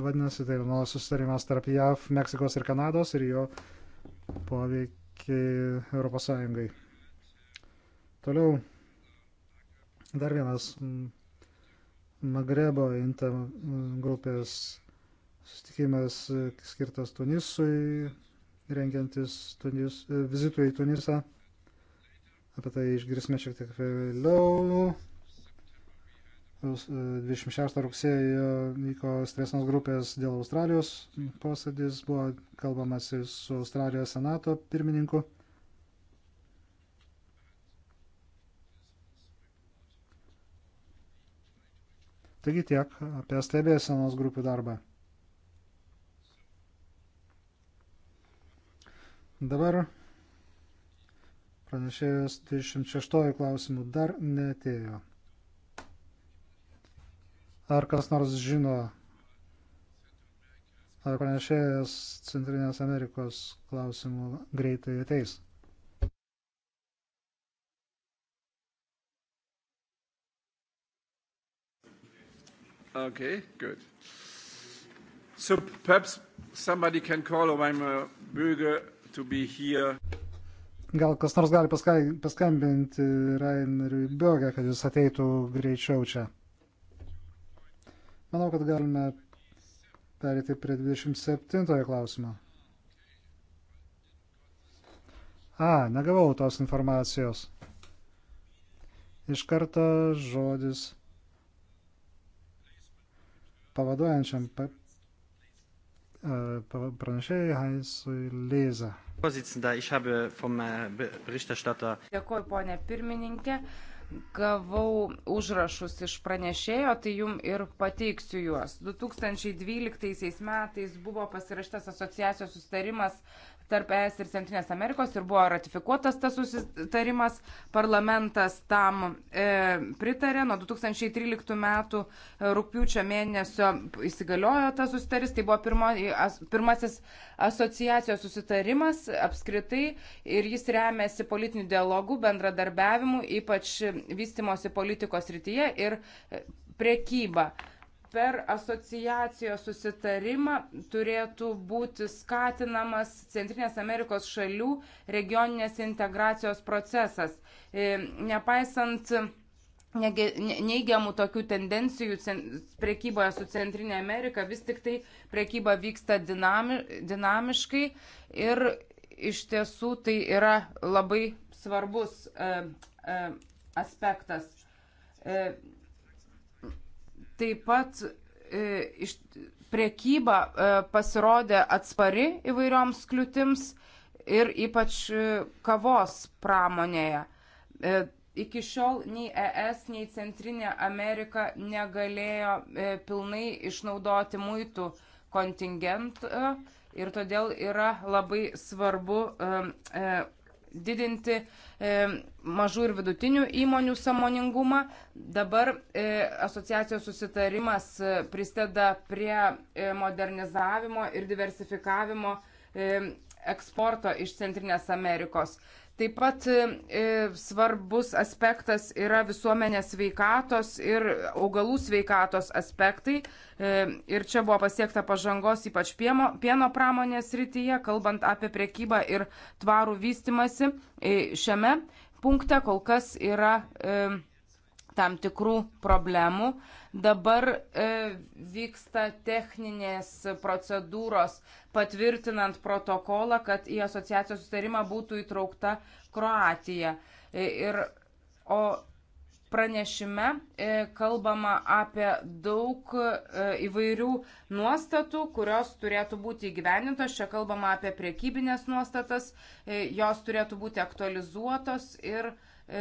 vadinasi, tai nuo susitarimas tarp JAV, Meksikos ir Kanados ir jo poveikį Europos Sąjungai. Toliau dar vienas mm, Magrebo inta grupės susitikimas skirtas Tunisui, rengiantis Tunis, e, vizitui į Tunisą. Apie tai išgirsime šiek tiek vėliau. 26 e, rugsėjo vyko stresnos grupės dėl Australijos posėdis, buvo kalbamas su Australijos senato pirmininku. Taigi tiek apie stebėsenos grupių darbą. Dabar pranešėjos 26 klausimų dar netėjo. Ar kas nors žino, ar pranešėjas Centrinės Amerikos klausimų greitai ateis? Okay, good. So perhaps somebody can call Reimer Böge to be here. Gal kas nors gali paskambinti Raineriui Böge, kad jis ateitų greičiau čia. Manau, kad galime perėti prie 27 klausimo. A, negavau tos informacijos. Iš karto žodis pavaduojančiam pa, e, pranešėjai Haisui Leiza. Äh, Dėkuoju, ponė pirmininkė gavau užrašus iš pranešėjo, tai jum ir pateiksiu juos. 2012 metais buvo pasirašytas asociacijos sustarimas tarp ES ir Centrinės Amerikos ir buvo ratifikuotas tas susitarimas. Parlamentas tam e, pritarė. Nuo 2013 metų e, rūpiučio mėnesio įsigaliojo tas susitaris. Tai buvo pirmo, as, pirmasis asociacijos susitarimas apskritai ir jis remiasi politiniu dialogu, bendradarbiavimu, ypač vystimosi politikos rytyje ir e, prekyba. E, per asociacijos susitarimą turėtų būti skatinamas Centrinės Amerikos šalių regioninės integracijos procesas. E, nepaisant neigiamų tokių tendencijų prekyboje su Centrinė Amerika, vis tik tai prekyba vyksta dinami, dinamiškai ir iš tiesų tai yra labai svarbus e, e, aspektas. E, Taip pat e, priekyba e, pasirodė atspari įvairioms kliūtims ir ypač e, kavos pramonėje. E, iki šiol nei ES, nei Centrinė Amerika negalėjo e, pilnai išnaudoti muitų kontingentą. E, ir todėl yra labai svarbu e, e, didinti e, mažų ir vidutinių įmonių samoningumą. Dabar e, asociacijos susitarimas e, prisideda prie e, modernizavimo ir diversifikavimo e, eksporto iš Centrinės Amerikos. E, Taip pat e, svarbus aspektas yra visuomenės sveikatos ir augalų sveikatos aspektai. E, ir čia buvo pasiekta pažangos ypač pieno, pieno pramonės rytyje, kalbant apie priekybą ir tvarų vystimasi. E, šiame punkte kol kas yra tam tikrų problemų. Dabar e, vyksta techninės procedūros patvirtinant protokolą, kad į asociacijos sustarimą būtų įtraukta Kroatija. E, ir, o pranešime e, kalbama apie daug e, įvairių nuostatų, kurios turėtų būti įgyvenintos. Čia kalbama apie priekybinės nuostatas, e, jos turėtų būti aktualizuotos ir e, E,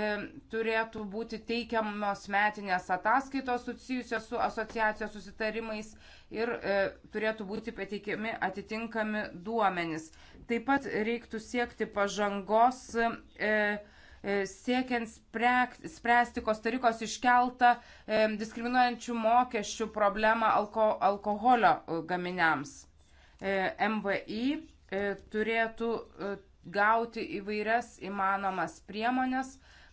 turėtų būti teikiamos metinės ataskaitos susijusios su asociacijos susitarimais ir e, turėtų būti pateikiami atitinkami duomenys. Taip pat reiktų siekti pažangos e, e, siekiant sprek, spręsti Kostarikos iškeltą e, diskriminuojančių mokesčių problemą alko, alkoholio e, gaminiams. E, MVI e, turėtų e, gauti įvairias įmanomas priemonės,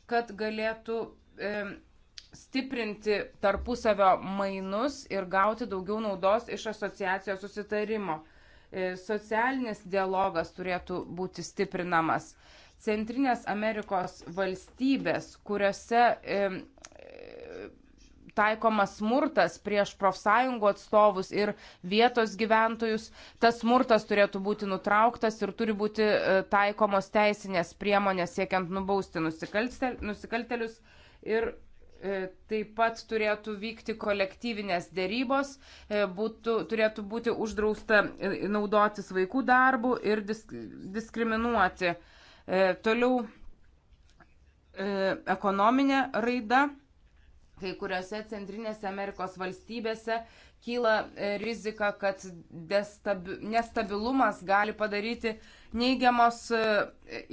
kad galėtų e, stiprinti tarpusavio mainus ir gauti daugiau naudos iš asociacijos susitarimo. E, socialinis dialogas turėtų būti stiprinamas. Centrinės Amerikos valstybės, kuriuose e, taikomas smurtas prieš profsąjungų atstovus ir vietos gyventojus. Tas smurtas turėtų būti nutrauktas ir turi būti e, taikomos teisinės priemonės siekiant nubausti nusikaltelius. Ir e, taip pat turėtų vykti kolektyvinės dėrybos, e, būtų, turėtų būti uždrausta naudotis vaikų darbų ir disk, diskriminuoti. Toliau ekonominė raida Kai kuriuose Centrinėse Amerikos valstybėse kyla e, rizika, kad destabi, nestabilumas gali padaryti neigiamos e,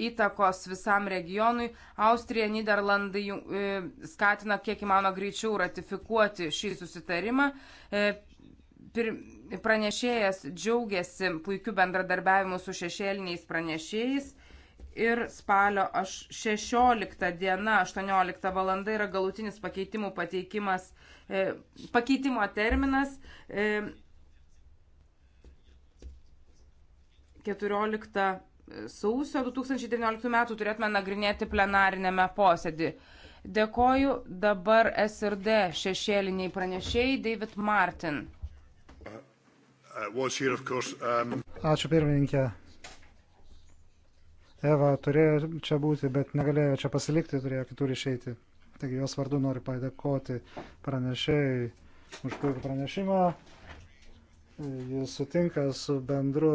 įtakos visam regionui. Austrija, Niderlandai e, skatina kiek įmanoma greičiau ratifikuoti šį susitarimą pranešėjas džiaugiasi puikiu bendradarbiavimu su šešėliniais pranešėjais ir spalio 16 diena, 18 valanda yra galutinis pakeitimų pateikimas, e, pakeitimo terminas. E, 14 sausio 2019 metų turėtume nagrinėti plenarinėme posėdį. Dėkoju dabar SRD šešėliniai pranešėjai David Martin. Uh, uh, um, Ačiū pirmininkė. Eva turėjo čia būti, bet negalėjo čia pasilikti, turėjo kitur išeiti. Taigi jos vardu noriu padėkoti pranešėjai už puikų pranešimą. Jis sutinka su bendru,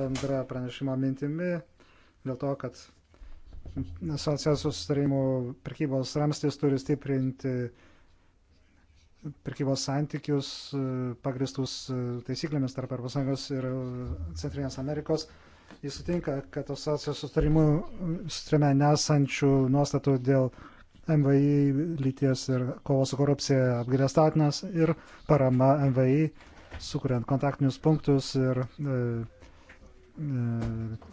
bendra pranešimo mintimi dėl to, kad asociacijos sustarimų prekybos ramstis turi stiprinti prekybos santykius pagristus taisyklėmis tarp ES ir Centrinės Amerikos. Jis sutinka, kad asociacijos sustarimų sustrime mm, nesančių nuostatų dėl MVI lyties ir kovos su korupcija apgailestatinas ir parama MVI, sukuriant kontaktinius punktus ir e,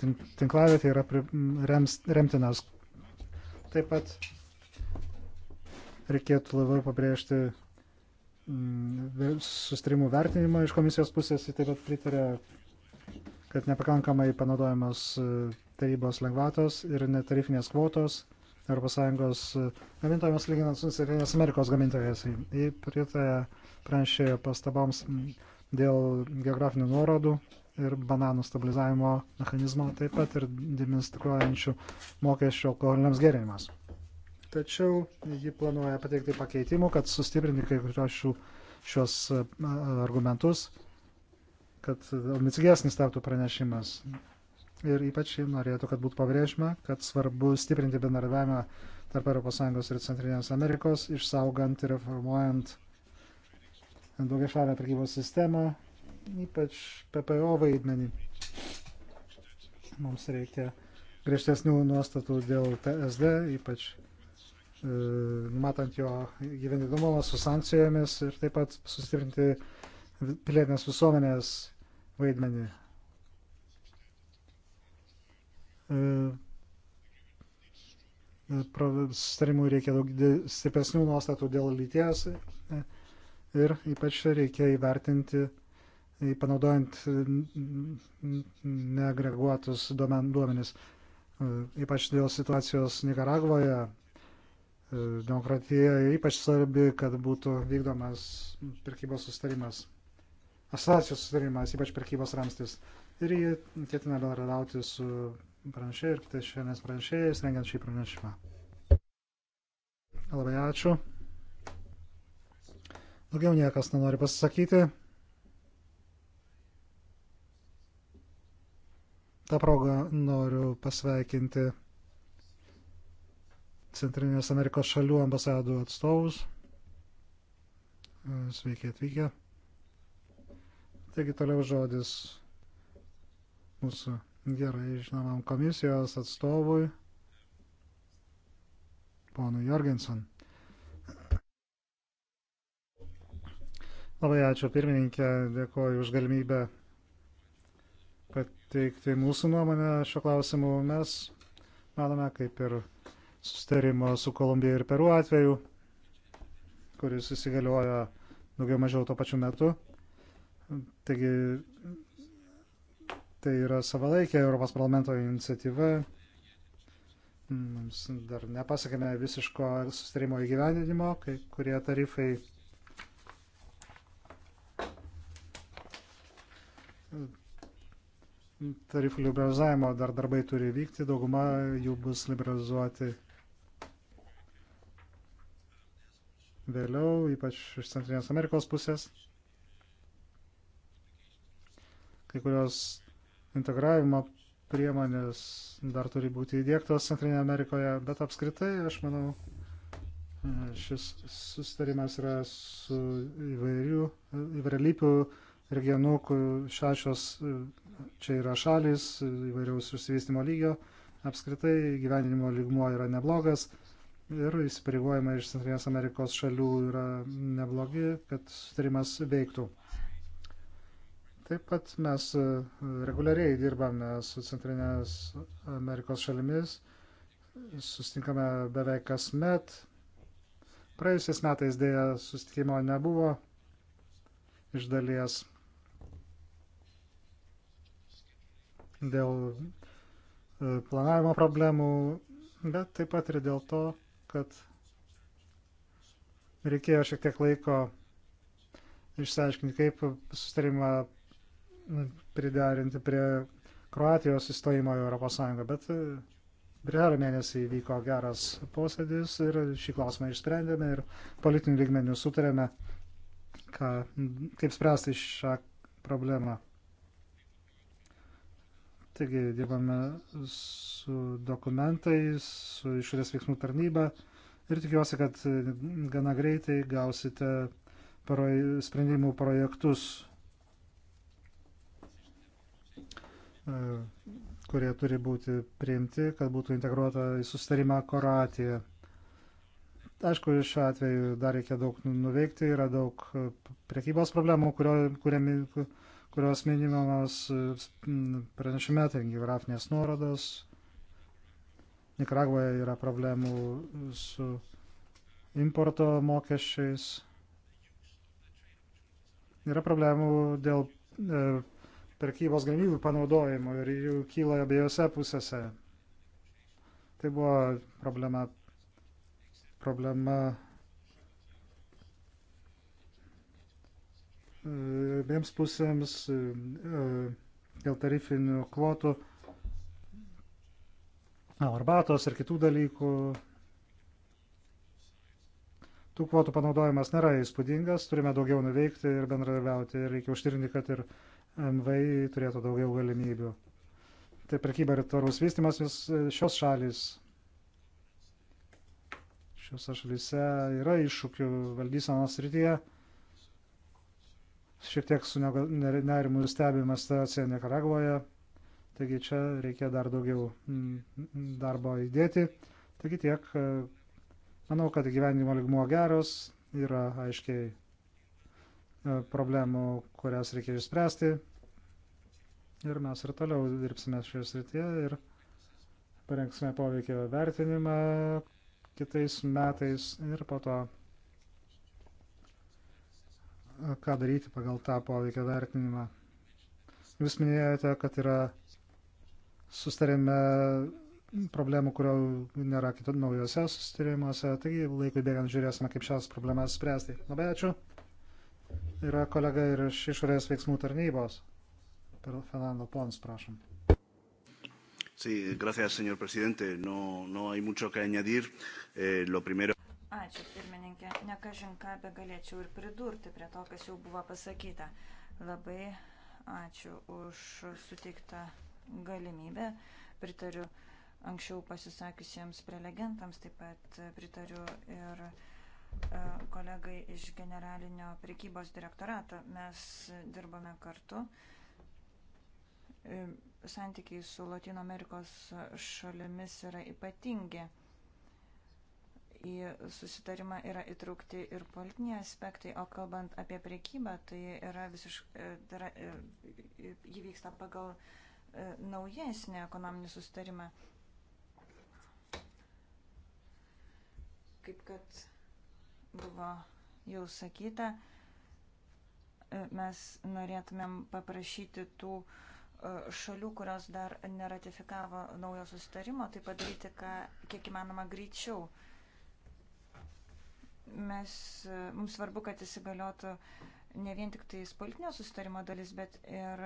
e, tinklavietė yra pri, mm, rems, remtinas. Taip pat reikėtų labiau pabrėžti mm, sustrimų vertinimą iš komisijos pusės, taip pat pritarė kad nepakankamai panaudojamos e, tarybos lengvatos ir netarifinės kvotos ES e, gamintojams lyginant su Sėvinės Amerikos gamintojais. Jį pritarė pranešėjo pastaboms dėl geografinių nuorodų ir bananų stabilizavimo mechanizmo, taip pat ir demonstruojančių mokesčių alkoholiniams gėrimams. Tačiau ji planuoja pateikti pakeitimų, kad sustiprinti kai kurios šios e, argumentus kad ambicingesnis taptų pranešimas. Ir ypač norėtų, kad būtų pabrėžima, kad svarbu stiprinti bendradarbiavimą tarp ES ir Centrinės Amerikos, išsaugant ir reformuojant daugia šalę prekybos sistemą, ypač PPO vaidmenį. Mums reikia griežtesnių nuostatų dėl TSD, ypač e, matant jo gyvenidumą su sankcijomis ir taip pat sustiprinti pilietinės visuomenės vaidmenį. E, e, Sustarimui reikia daug stipresnių nuostatų dėl lyties e, ir ypač reikia įvertinti, panaudojant neagreguotus duomenis, ypač dėl situacijos Nikaragvoje. Demokratija ypač svarbi, kad būtų vykdomas pirkybos sustarimas asociacijos sutarimas, ypač prekybos ramstis. Ir jie ketina bendradauti su pranešėjai ir kitais šiandienis pranešėjais, rengiant šį pranešimą. Labai ačiū. Daugiau niekas nenori pasisakyti. Ta proga noriu pasveikinti Centrinės Amerikos šalių ambasadų atstovus. Sveiki atvykę. Taigi toliau žodis mūsų gerai žinomam komisijos atstovui, ponui Jorgenson. Labai ačiū pirmininkė, dėkoju už galimybę pateikti mūsų nuomonę šio klausimu. Mes manome, kaip ir sustarimo su Kolumbija ir Peru atveju, kuris įsigalioja daugiau mažiau tuo pačiu metu Taigi tai yra savalaikė Europos parlamento iniciatyva. Mums dar nepasakėme visiško sustarimo įgyvendinimo, kai kurie tarifai tarifų liberalizavimo dar darbai turi vykti, dauguma jų bus liberalizuoti vėliau, ypač iš Centrinės Amerikos pusės. Kai kurios integravimo priemonės dar turi būti įdėktos Centrinėje Amerikoje, bet apskritai, aš manau, šis sustarimas yra su įvairių, įvairialypių regionų, kur šešios čia yra šalis, įvairiaus susivystimo lygio, apskritai gyvenimo lygmuo yra neblogas ir įsipareigojimai iš Centrinės Amerikos šalių yra neblogi, kad sustarimas veiktų. Taip pat mes e, reguliariai dirbame su Centrinės Amerikos šalimis, sustinkame beveik kasmet. Praėjusiais metais dėja sustikimo nebuvo iš dalies dėl e, planavimo problemų, bet taip pat ir dėl to, kad reikėjo šiek tiek laiko išsiaiškinti, kaip sustarimą pridarinti prie Kroatijos įstojimo į ES, bet e, birželio mėnesį vyko geras posėdis ir šį klausimą išsprendėme ir politinių lygmenių sutarėme, ką, kaip spręsti šią problemą. Taigi dirbame su dokumentais, su išorės veiksmų tarnyba ir tikiuosi, kad gana greitai gausite sprendimų projektus E, kurie turi būti priimti, kad būtų integruota į sustarimą Kroatija. Aišku, šiuo atveju dar reikia daug nuveikti, yra daug e, priekybos problemų, kurio, kuriami, kurios minimamos e, pranešime, tai geografinės nuorodos. Nikaragvoje yra problemų su importo mokesčiais. Yra problemų dėl e, perkybos galimybių panaudojimu ir jų kyla abiejose pusėse. Tai buvo problema, problema e, abiems pusėms e, e, dėl tarifinių kvotų, arbatos ir kitų dalykų. Tų kvotų panaudojimas nėra įspūdingas, turime daugiau nuveikti ir bendradarbiauti. Reikia užtikrinti, kad ir uh, MVI turėtų daugiau galimybių. Tai prekyba ir tvarus vystimas šios šalis. Šiuose šalyse yra iššūkių valdysenos rytyje. Šiek tiek su nerimu stebima situacija Nikaragvoje. Taigi čia reikia dar daugiau mm, darbo įdėti. Taigi tiek. E, manau, kad gyvenimo lygmuo geros yra aiškiai E, problemų, kurias reikia išspręsti. Ir mes ir toliau dirbsime šioje srityje ir parengsime poveikio vertinimą kitais metais ir po to, e, ką daryti pagal tą poveikio vertinimą. Jūs minėjote, kad yra sustarėme problemų, kurio nėra kitų naujose sustarimuose, taigi laikui bėgant žiūrėsime, kaip šias problemas spręsti. Labai ačiū yra kolega ir iš išorės veiksmų tarnybos. Fernando Pons, prašom. Sí, gracias, señor presidente. No, no hay mucho que añadir. Eh, lo primero. Ačiū, pirmininkė. Nekažin ką be galėčiau ir pridurti prie to, kas jau buvo pasakyta. Labai ačiū už suteiktą galimybę. Pritariu anksčiau pasisakiusiems prelegentams, taip pat pritariu ir uh, E, kolegai iš generalinio prekybos direktorato. Mes dirbame kartu. E, santykiai su Latino Amerikos šalimis yra ypatingi. Į susitarimą yra įtraukti ir politiniai aspektai, o kalbant apie priekybą, tai yra visiškai, e, tai yra, įvyksta pagal naujesnį ekonominį susitarimą. kaip kad buvo jau sakyta, e, mes norėtumėm paprašyti tų e, šalių, kurios dar neratifikavo naujo sustarimo, tai padaryti ką, kiek įmanoma greičiau. Mes, e, mums svarbu, kad įsigaliotų ne vien tik tais politinio sustarimo dalis, bet ir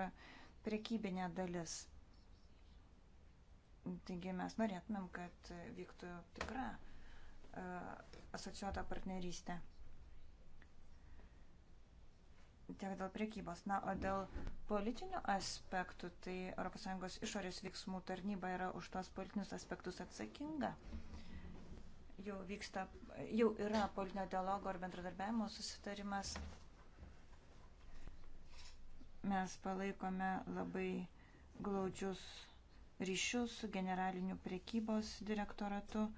prekybinė dalis. Taigi mes norėtumėm, kad vyktų tikra asociuotą partnerystę. Tiek dėl priekybos. Na, o dėl politinių aspektų, tai ES išorės veiksmų tarnyba yra už tos politinius aspektus atsakinga. Jau, vyksta, jau yra politinio dialogo ar bendradarbiavimo susitarimas. Mes palaikome labai glaudžius ryšius su generaliniu priekybos direktoratu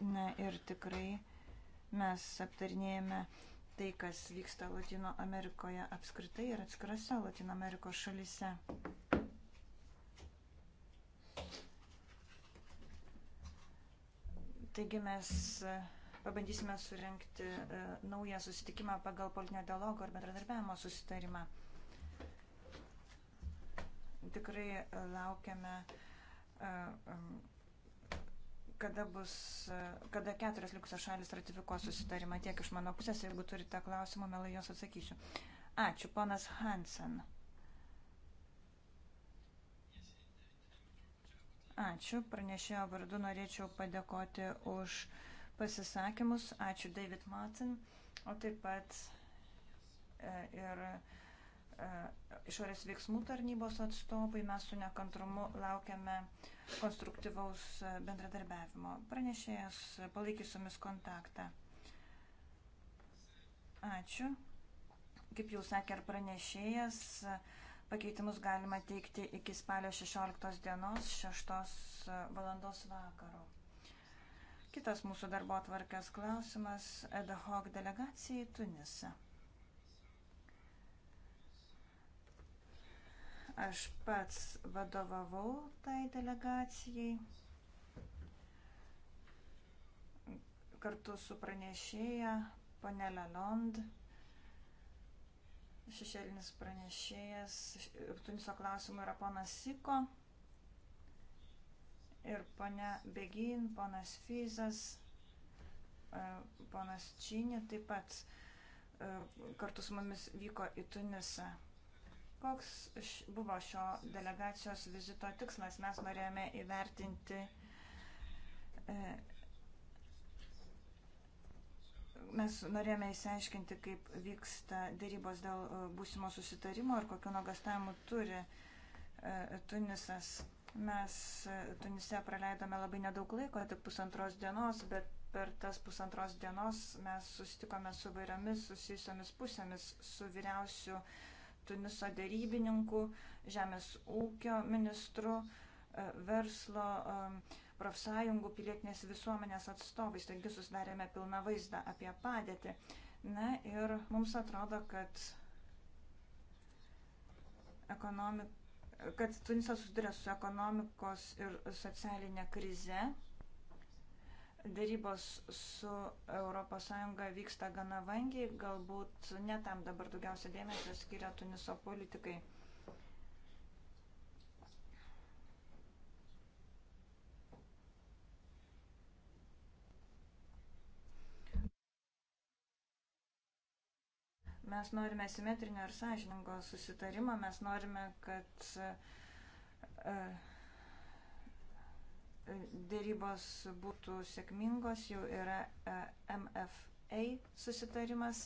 Na ir tikrai mes aptarinėjame tai, kas vyksta Latino Amerikoje apskritai ir atskirose Latino Amerikos šalise. Taigi mes e, pabandysime surenkti e, naują susitikimą pagal politinio dialogo ar bendradarbiavimo susitarimą. Tikrai e, laukiame kada, bus, kada keturios likusios šalis ratifikuos susitarimą tiek iš mano pusės, jeigu turite klausimų, melai jos atsakysiu. Ačiū, ponas Hansen. Ačiū, pranešėjo vardu norėčiau padėkoti už pasisakymus. Ačiū David Martin, o taip pat e, ir E, išorės veiksmų tarnybos atstovai. Mes su nekantrumu laukiame konstruktyvaus e, bendradarbiavimo. Pranešėjas palaikys su jumis kontaktą. Ačiū. Kaip jau sakė ir pranešėjas, pakeitimus galima teikti iki spalio 16 dienos 6 e, valandos vakaro. Kitas mūsų darbo atvarkės klausimas – ad hoc delegacija į Tunisą. Aš pats vadovavau tai delegacijai kartu su pranešėja panelė Lond. Šešėlinis pranešėjas Tuniso klausimų yra ponas Siko ir ponia Begin, ponas Fizas, e, ponas Činė taip pat e, kartu su mumis vyko į Tunisą. Koks buvo šio delegacijos vizito tikslas? Mes norėjome įvertinti. E, mes norėjome įsiaiškinti, kaip vyksta dėrybos dėl e, būsimo susitarimo ir kokiu nuogastavimu turi e, Tunisas. Mes Tunise praleidome labai nedaug laiko, tik pusantros dienos, bet per tas pusantros dienos mes susitikome su vairiomis susijusiamis pusėmis, su vyriausiu uh, Tuniso dėrybininku, žemės ūkio ministru, e, verslo, e, profsąjungų, pilietinės visuomenės atstovais. Taigi susidarėme pilną vaizdą apie padėtį. Na ir mums atrodo, kad, ekonomik, kad Tunisas susiduria su ekonomikos ir socialinė krize Dėrybos su ES vyksta gana vangiai, galbūt netam dabar daugiausia dėmesio skiria Tuniso politikai. Mes norime simetrinio ir sąžiningo susitarimo, mes norime, kad uh, dėrybos būtų sėkmingos, jau yra e, MFA susitarimas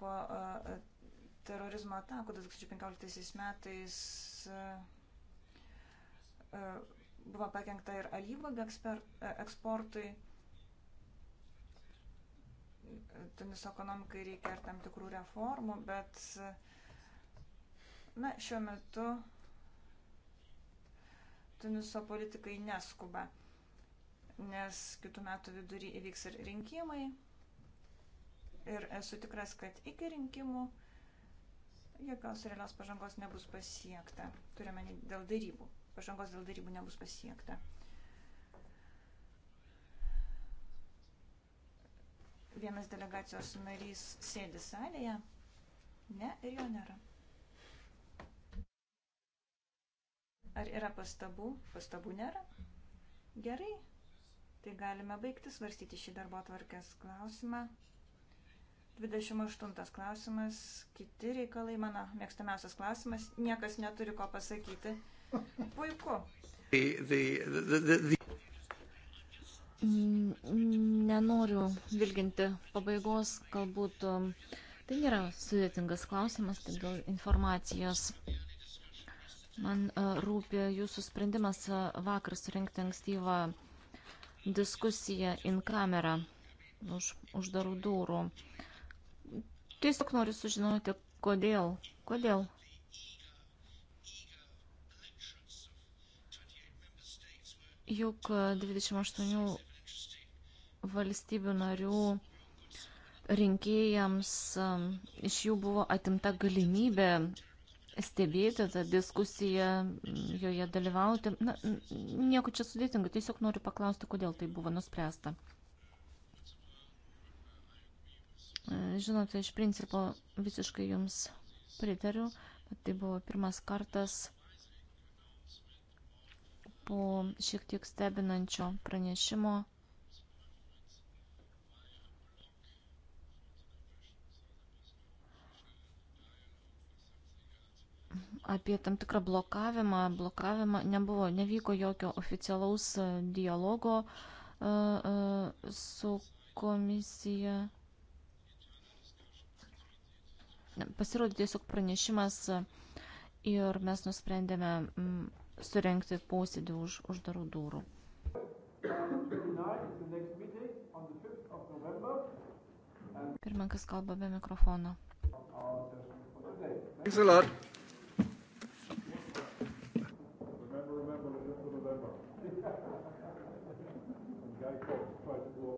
po e, terorizmo atakų 2015 metais e, buvo pakengta ir alyvagą eksportui. Tuniso ekonomikai reikia ir tam tikrų reformų, bet na, šiuo metu Tuniso politikai neskuba, nes kitų metų vidury įvyks ir rinkimai. Ir esu tikras, kad iki rinkimų jokios realios pažangos nebus pasiekta. Turime dėl darybų. Pažangos dėl darybų nebus pasiekta. Vienas delegacijos narys sėdi salėje. Ne, ir jo nėra. Ar yra pastabų? Pastabų nėra. Gerai. Tai galime baigti svarstyti šį darbo tvarkės klausimą. 28 klausimas, kiti reikalai, mano mėgstamiausias klausimas, niekas neturi ko pasakyti. Puiku. The, the, the, mm, Nenoriu vilginti pabaigos, galbūt um, tai nėra sudėtingas klausimas, tik dėl informacijos. Man e, rūpė jūsų sprendimas e, vakar surinkti ankstyvą diskusiją in kamerą už uždarų durų. Tiesiog noriu sužinoti, kodėl. Kodėl? Juk 28 e, valstybių narių rinkėjams iš jų buvo atimta galimybė stebėti tą diskusiją, joje dalyvauti. Na, nieko čia sudėtingo, tiesiog noriu paklausti, kodėl tai buvo nuspręsta. Žinote, iš principo visiškai jums pritariu, bet tai buvo pirmas kartas po šiek tiek stebinančio pranešimo apie tam tikrą blokavimą. Blokavimą nebuvo, nevyko jokio oficialaus e, dialogo e, e, su komisija. Pasirodė tiesiog pranešimas ir mes nusprendėme surenkti posėdį už uždarų durų. Pirmininkas kalba be mikrofono. Thanks a lot.